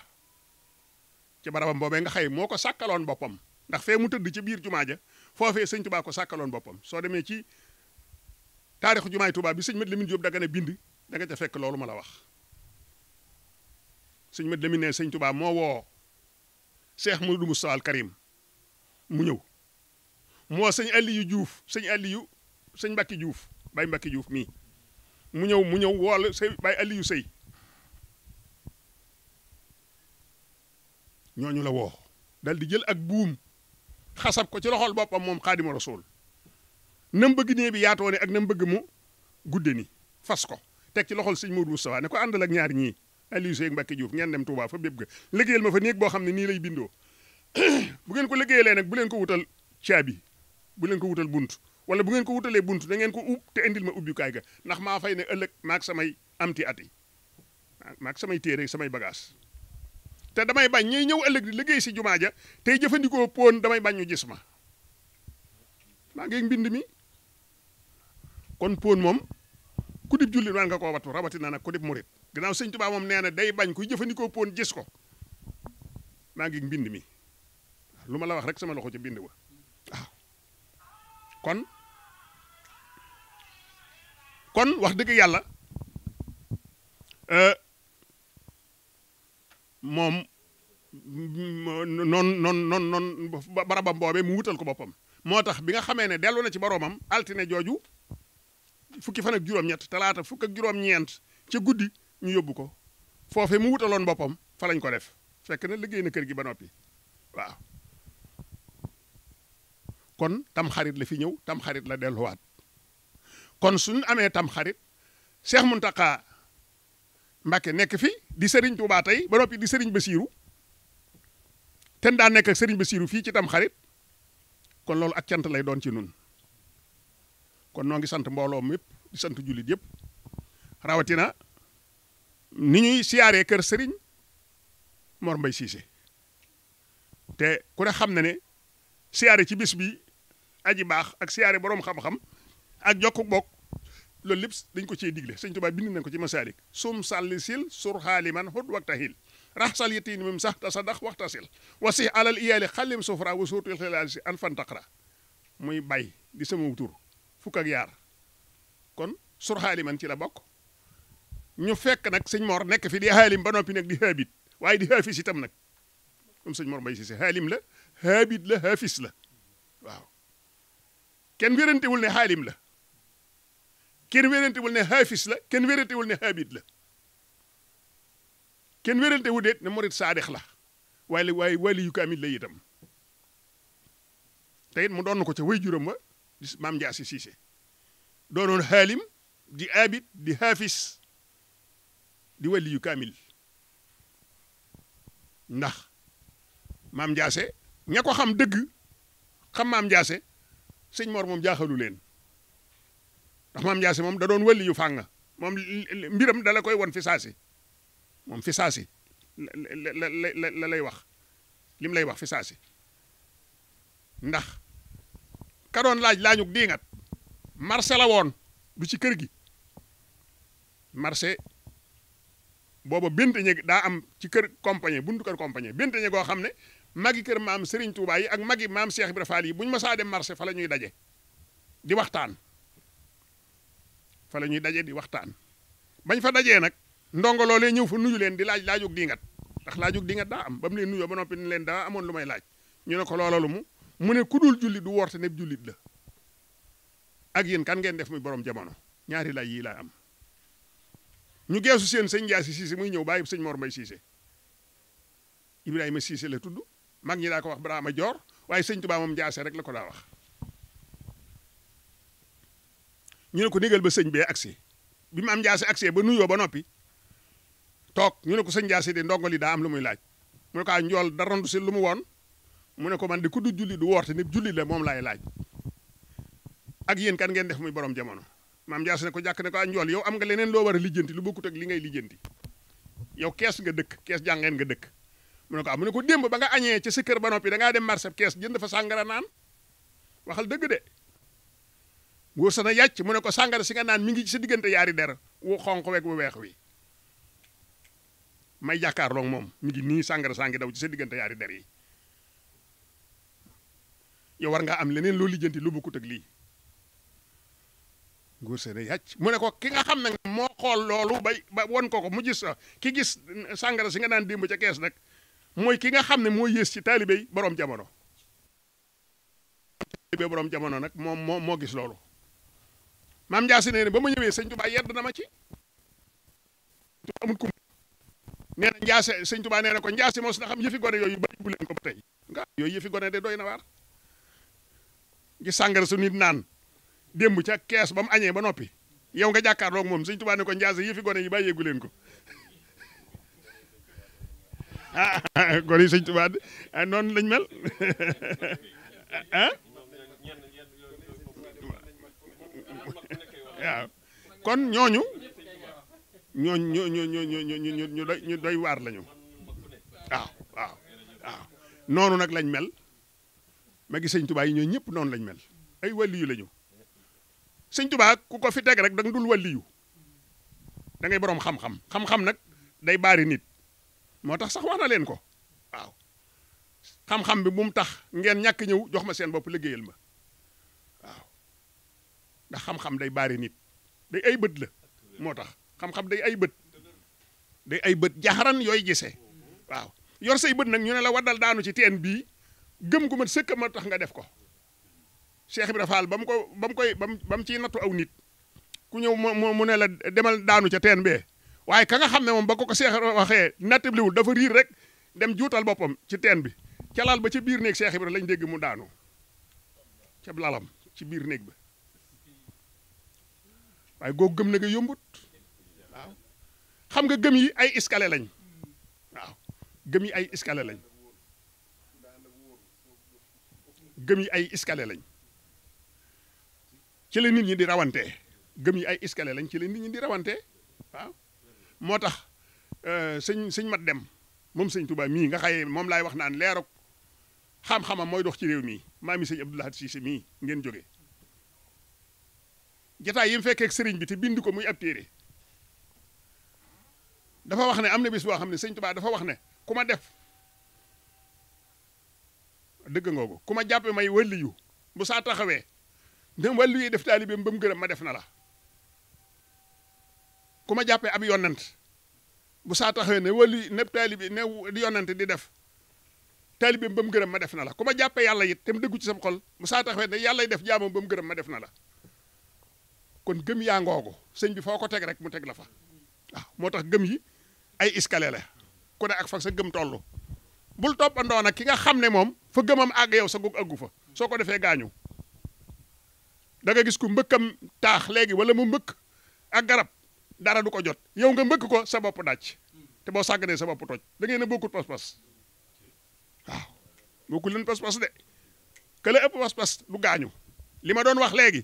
ci barabam boobee nga xëy moo ko sàkkaloon boppam ndax fee mu tëdd ci biir jumaa ja foofee sëñ Touba ko sàkkaloon boppam soo demee ci taarixu jumaay Touba bi sëñ Mat Lamin Jóob da nga ne bind da ca fekk loolu ma la wax sëñ Mat Lamin ne sëñ Touba moo woo. Cheikh Mouhamadou Moustapha al Karim mu ñëw moo sëñ Aliou juuf sëñ Aliou sëñ Mbacke juuf Baye Mbacke Diouf mii mu ñëw mu ñëw wool sëñ Baye Aliou Sey ñooñu la woo dal di jël ak buum xasab ko ci loxol boppam moom xaadima rasul nam bëgg nee bi yaatoo ne ak nam bëgg mu gudde ni fas ko teg ci loxol sëñ Modou Moustapha ne ko àndal ak ñaar ñii Aliou Seye Mbacke Diouf ngeen dem Touba fa bépp ga liggéeyal ma fa néeg boo xam ne nii lay bindoo bu ngeen ko liggéeyalee nag bu leen ko wutal caabi bu leen ko wutal bunt wala bu ngeen ko wutalee bunt da ngeen ko te indil ma ubbikaay ga ndax maa fay ne ëllëg maak samay amti ati maag samay téere samay bagage te damay bañ ñuy ñëw ëllëg di liggéey si jumaa ja tey jëfandikoo poon damay bañ ñu gis ma maa ngi mbind mi kon poon moom ku dib jullit waan nga koo wattu rawatina nag ku dib murit gannaaw sëñ baa moom nee na day bañ kuy jëfandikoo poon gis ko maa ngi mbind mi lu ma la wax rek sama loxo ca bind wa kon kon wax dëgg yàlla euh, moom noon noon noon noon barabam boobe mu wutal ko boppam moo tax bi nga xamee ne dellu na ci boroomam altine jooju fukki fan ak juróom-ñett talaata fukk ak juróom-ñeent ca guddi ñu yóbbu ko foofe mu wutaloon boppam fa lañ ko def fekk na liggéey na kër gi ba noppi waaw kon tam la fi ñëw tamxarit la delluwaat kon suñu amee tam xarit Cheikh Mountakha Mbacké nekk fi di Serigne Touba tey ba noppi di Serigne Bassirou te daa nekk sëriñ Serigne Bassirou fii ci tamxarit kon loolu ak cant lay doon ci nun kon noo ngi sant mbooloo mépp di sant jullit yëpp rawatina ni ñuy siyaaree kër sëriñ Mor Mbaye Cissé te ku ne xam na ne siyaare ci bis bi aji baax ak siyaare boroom xam-xam ak jokku bokk loolu lépp dañ ko cee digle sëñ Tuubaa bind nañ ko ci masaalik sum salli sil sur xaaliman hud waktahil raxsal yetiin mim sax tasaddax waxtasil wasi alal iyaali xalim sufra wa suurtul xilaal si an fantaqra muy bay di sama tur fukk ak yaar kon surxaali man ci la bokk ñu fekk nag sëñ Mor nekk fi di xaalim ba noppi nag di xaabit waaye di xaafis itam nag moom sëñ Mor Mbay Sise xaalim la xaabit la xaafis la waaw kenn wérantewul ne xaalim la kenn wérantewul ne xaafis la kenn wérantewul ne xaabit la kenn wérantewul déet ne murit saadex la waaye waaye yu kaamil la itam te mu doon ko ca way juróom wa maam Njaasi Siise doonoon xaalim di di xaafis di wali yu kaamil ndax maam Ndiassé ña ko xam dëgg xam maam Ndiassé sëñ Mor moom jaaxalu leen ndax maam Ndiassé moom da doon wali yu fànga moom mbiram dala koy won fi moom fi saasi la la la lay wax lim lay wax fi ndax ka doon laaj laañug diingat marché la woon du ci kër gi marché booba bente ñe daa am ci kër compagnie buntu kër compagnie bente ñe goo xam ne magi kër maam Serigne Touba yi ak magi maam Cheikh Ibra Fall yi bu ñu masaa dem marché fa la ñuy daje di waxtaan fa la ñuy daje di waxtaan bañ fa dajee nag ndongo loole ñëw fa nuyu leen di laaj laajug diingat ndax laajug diingat daa am ba mu leen nuyoo ba noppi ni leen daa amoon lu may laaj ñu ne ko lu mu mu ne ku dul jullit du woorte ne jullit la ak yéen kan ngeen def muy borom jamono ñaari laaj yii laa am. ñu geesu seen sëñ Ndiaye Cissé muy ñëw bàyyi sëñ Mor Mbaye Cissé Ibrahima Cissé la tudd mag ñi daa ko wax Brahama joor waaye sëñ Tuubaa moom Ndiassé rek la ko daa wax. ñu ne ko négal ba sëñ bee agsi bi mu am Ndiassé agsee ba nuyoo ba noppi toog ñu ne ko sëñ Ndiassé de ndongo li daa am lu muy laaj mu ne ko ah, njool da rondu si lu mu woon mu ne ko man di ku julli du woorte nit julli la moom laay laaj ak yéen kan ngeen def muy borom jamono. maam Ndiass ne ko jàkk ne ko ah yow am nga leneen loo war a lijjanti lu bokkut ak li ngay lijjanti yow kees nga dëkk kees jàngeen nga dëkk mu a ko ah mu ne ko démb ba nga añee ca sa kër ba noppi da ngaa dem marché kees jënd fa sàngara naan waxal dëgg de góor sa na yàcc mu ne ko sàngara si nga naan mi ngi ci sa diggante yaari der wu xonq weeg wu weex wi may jàkkaarloog moom mi ngi nii sàngara saa ngi daw ci sa diggante yaari der yi yow war ngaa am leneen loo lijjanti lu bokkut ak lii nguur sa day mu ne ko ki nga xam ne moo xool loolu bay ba won ko ko mu gis ki gis sàngara si nga naan démb ca kees nag mooy ki nga xam ne moo yées ci taalibe yi borom jamono. taalibe jamono nag moom moo moo gis loolu maam Ndiass nee na ba mu ñëwee sëñ Tuba yedd na ma ci. amul kum nee na Ndiass sëñ Tuba nee na ko Ndiass mos na xam yëfi gone yooyu ba yóbbu ko ba tey nga yooyu yëfi gone de doy na waar. gi sàngara su nit naan. démb ca kees ba añee ba noppi yow nga jàkkaarloog moom Sëñ Tuubaa ne ko njaase yëfi gone yi bàyyeegu leen ko ah gone yi Sëñ Tuubaa ah, noonu lañ mel ah kon ñooñu ñooñu ñu ñu ñu ñu ñu doy waar lañu waaw waaw waaw noonu nag lañ mel ma gis Sëñ Tuubaa yi ñoo ñëpp noonu lañ mel ay wàllu yu lañu sëñ tubaa ku ko fi teg rek danga dul wàlliyu da ngay boroom xam-xam xam-xam nag day baari nit moo tax sax wax na leen ko waaw xam-xam bi bu mu tax ngeen ñàkk ñëw jox ma seen bopp liggéeyal ma waaw ndax xam-xam day baari nit day ay bët la moo tax xam-xam day ay bët day ay bët jaxaran yooyu gisee waaw yor say bët nag ñu ne la waddal daanu ci teen bii gëm gu mat sëkk ma tax nga def ko Cheikh bi Fall ba mu ko ba mu koy ba mu ciy nattu aw nit ku ñëw mu mu ne la demal daanu ca teen bee waaye ka nga xam ne moom ba ko ko Cheikh waxee nattabliwul dafa riir rek dem juutal boppam ci teen bi ca lal ba ca biir néeg bi Ibra lañ dégg mu daanu cab lalam ci biir néeg bi waaye googu gëm na nga yombut xam nga gëm yi ay escalier lañ waaw gëm yi ay escalier lañ yi ay escalier lañ ci la nit ñi di rawante gëm yi ay escalier lañ ci leen nit ñi di rawante moo tax euh, sëñ sëñ mat dem moom sëñ Touba mii nga xaye moom laay wax naan leerug xam-xamam mooy dox ci réew mii maa mi sëñ Abdou si Cissé mii ngeen jóge jataay yi mu fekkee sëriñ bi te bind ko muy ab téere dafa wax ne am na bis boo xam ne sëñ Touba dafa wax ne ku ma def dëgg ngoogu ku ma jàppe may wëlli yu bu saa taxawee ndem wàllu yi def taalibeem ba mu gërëm ma def na la ku ma jàppee ab yonant bu saa taxawee ne wàllu ne taalibe ne yonant di def taalibeem ba mu gërëm ma def na la ku ma jàppee yàlla it te mu ci sam xol bu saa taxawee yàllay def jaamam ba mu gërëm ma def na la kon gëm yaa ngoogu sëñ bi foo ko teg rek mu teg la fa moo tax gëm yi ay iskale la ku ne ak fa sa gëm toll bul toppandoo nag ki nga xam ne moom fa gëmam àgg yow sa gog àggu fa soo ko defee gaañu da nga gis ku mbëkkam taax léegi wala mu mbëkk a garab dara du ko jot yow nga mbëkk ko sa bopp dàcc te boo sàgganee sa bopp toj da ngeen a bokkut pas-pas waaw bokkul leen pas de que la ëpp pas-pas du gaañu li ma doon wax léegi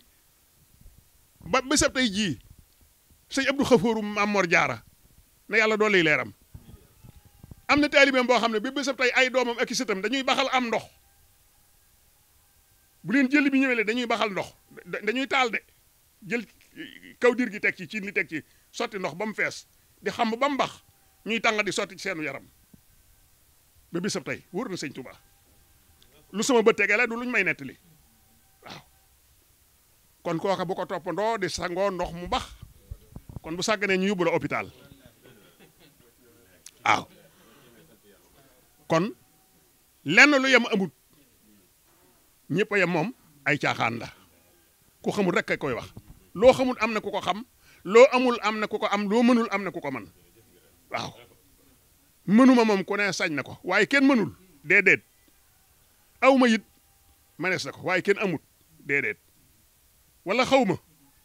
ba bésab tey jii sëñ Abdou Xafóoru Mamor Jaara na yàlla doole leeram am na taalibeem boo xam ne bi bésab tey ay doomam ak i dañuy baxal am ndox bu leen jël bi ñëwee dañuy baxal ndox dañuy taal de jël kaw gi teg ci ci ni teg ci sotti ndox ba mu fees di xam ba mu bax ñuy tàng di sotti seenu yaram ba bisab tey wër na sëñ Touba lu sama bët tegee la du luñ may nettali kon kooka bu ko toppandoo di sangoo ndox mu bax kon bu sàgganee ñu yóbbu la waaw kon lenn lu yem amut ñëpp a moom ay caaxaan la ku xamul rek a koy wax loo xamul am na ku ko xam loo amul am na ku ko am loo mënul am na ku ko man waaw moom ku sañ na ko waaye kenn mënul déedéet aw ma it manees na ko waaye kenn amut déedéet wala xaw ma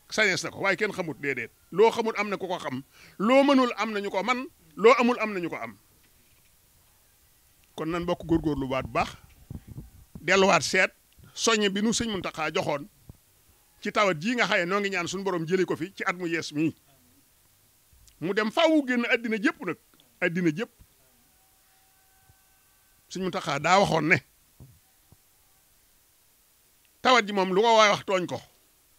sañees ko waaye kenn xamut déedéet loo xamul am na ku ko xam loo mënul am na ñu ko man loo amul am na ñu ko am kon nan bokk góorgóorlu waat bu baax delluwaat seet soññ bi nu mu Muntaxa joxoon ci tawat jii nga xaye noo ngi ñaan suñu borom jëlee ko fi ci at mu yees mii mu dem faawu génn addina jépp nag addina jëpp mu Muntaxa daa waxoon ne tawat ji moom lu ko waay wax tooñ ko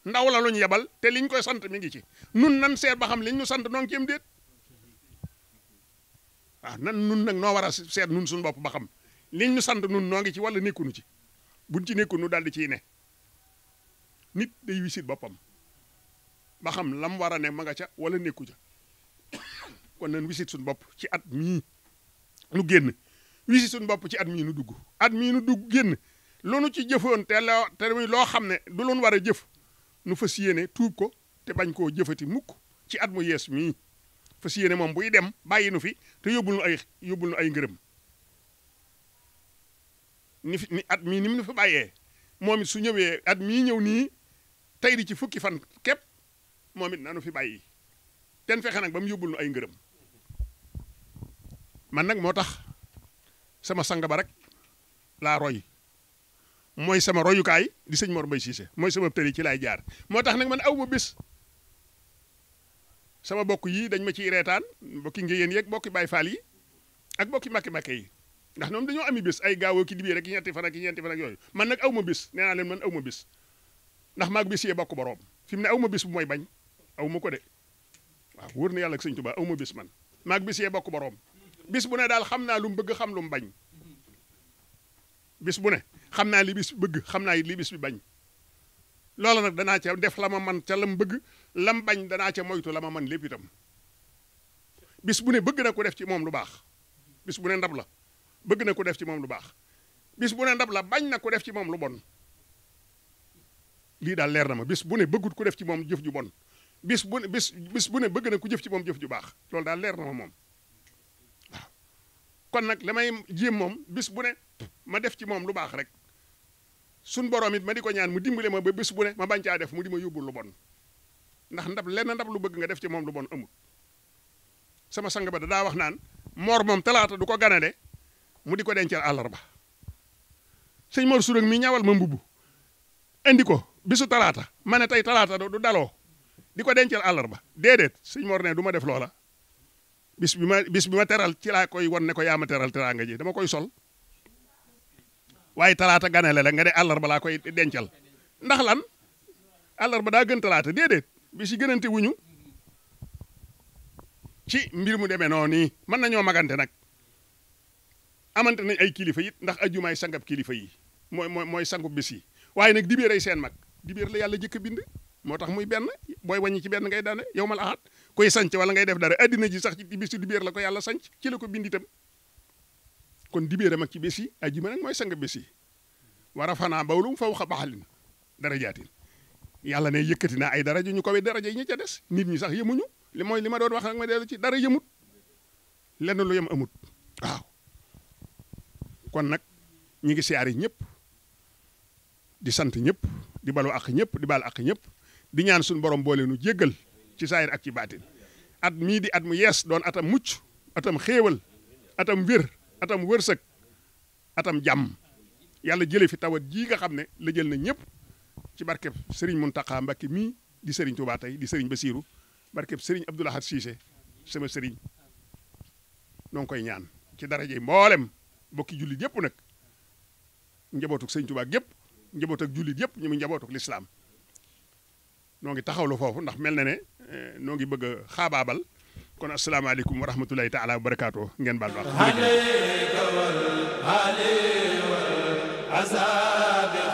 ndaw la luñ yebal te liñ koy sant mi ngi ci nun nan seet ba xam liñ ñu sant noo ngi ci am déet waaw ah, nan nun nag noo war a seet nun suñu bopp ba xam liñ ñu sant nun noo ci wala nekkuñu ci buñ ci nekkul nu daal di ciy ne nit day wisit boppam ba xam lam war a ne ma nga ca wala nekku ca kon nan wisit suñu bopp ci at mii nu génn wisit suñu bopp ci at mii nu dugg at mii nu dugg génn loonu ci jëfoon te loo te loo xam ne du loon war a jëf nu fas yéene tuub ko te bañ koo jëfati mukk ci at mu yees mii fas yéene moom buy dem bàyyi nu fi te yóbbul nu ay yóbbul nu ay ngërëm ni fi ni at mii ni mu fi bàyyee moom it su ñëwee at mii ñëw nii tey di ci fukki fan képp moom it nu fi bàyyi ten fexe nag ba mu yóbbul nu ay ngërëm man nag moo tax sama sang ba rek laa roy mooy sama royukaay di sëñ Mor bay Cissé mooy sama tëri ci laay jaar moo tax nag man aw ba bis sama bokk yii dañ ma ciy reetaan mbokki ngéyeen yeeg mbokki Baay Faal yi ak bokki makki-makke yi ndax ñoom dañoo ami bis ay gaawoo ki dibee rek ñetti fan ak ñeenti fan ak yooyu man nag aw ma bés nee naa leen man aw ma ndax maag bés yee bokk boroom fi mu ne aw ma bu mooy bañ aw ma ko de waaw wóor na yàlla ak sëñ Tuubaa aw ma bés man maag bés yee bokk boroom bis bu ne daal xam naa lu mu bëgg xam lu mu bañ bis bu ne xam naa li bis bëgg xam naa li bis bañ loola nag danaa ca def la ma man ca lam bëgg lam bañ danaa ca moytu la ma man lépp itam bis bu ne bëgg na ko def ci moom lu baax bis bu ne ndab la bëgg na ku def ci moom lu baax bis bu ne ndab la bañ na ku def ci moom lu bon lii daal leer na ma bis bu ne bëggut ku def ci moom jëf ju bon bis bu ne bis bis bu ne bëgg na ku jëf ci moom jëf ju baax loolu daal leer na ma moom kon nag la may jéem moom bis bu ne ma def ci moom lu baax rek suñ borom it ma di ko ñaan mu dimbale ma ba bis bu ne ma bañ caa def mu di ma yóbbul lu bon ndax ndab lenn ndab lu bëgg nga def ci moom lu bon amul sama sang ba da daa wax naan moor moom talaata du ko ganale mu di ko dencal àllarba sëñ Mor Sourang mi ñawal ma mbubb indi ko bisu talaata ma ne tey talaata du daloo di ko dencal àllarba déedéet sëñ Mor ne du ma def loola bis ma bis bi ma teral ci laa koy wan ne ko yaa ma teral teraanga ji dama koy sol waaye talaata ganale la nga ne àllarba laa koy dencal ndax lan àllarba daa gën talaata déedéet bi si gënante wuñu ci mbir mu demee noonu nii mën nañoo magante nag. amante nañ ay kilifa it ndax ajumaay sangab kilifa yi mooy mooy mooy sangu bis yi waaye nag dibéer ay seen mag dibéer la yàlla jëkk bind moo tax muy benn booy wàññi ci benn ngay daane yow mal koy sanc wala ngay def dara addina ji sax ci bisu dibéer la ko yàlla sanc ci la ko bind itam kon dibéeram ak ci bés yi ajuma nag mooy sang bés yi war a fanaa bawlum faw xa baxalin dara jaatin yàlla ne yëkkati naa ay daraja ñu ko we daraja yi ñu ca des nit ñi sax yemuñu li mooy li ma doon wax ma dellu ci dara yemut lenn lu yem amut kon nag ñu ngi siyaare ñëpp di sant ñëpp di balu ak ñëpp di bal ak ñëpp di ñaan suñu borom boole nu jéggal ci saayir ak ci baatin at mii di at mu yees doon atam mucc atam xéewal atam wér atam wërsëg atam jàmm yàlla jële fi tawat jii nga xam ne la jël na ñëpp ci barkeb Serigne Mountakha Mbacké mii di Serigne Touba tey di Serigne Bassirou barkeb Serigne Abdou Lahad Cissé sama Serigne noo ngi koy ñaan ci daraje mboolem bokki jullit yëpp nag njabootuk sëñ Tuubaa gépp njaboot ak jullit yëpp ñu njabootuk lislaam noo ngi taxawlu foofu ndax mel na ne eh, noo ngi bëgg a xaabaabal kon asalaamaaleykum wa rahmatulahi taala barakaatu ngeen baal baax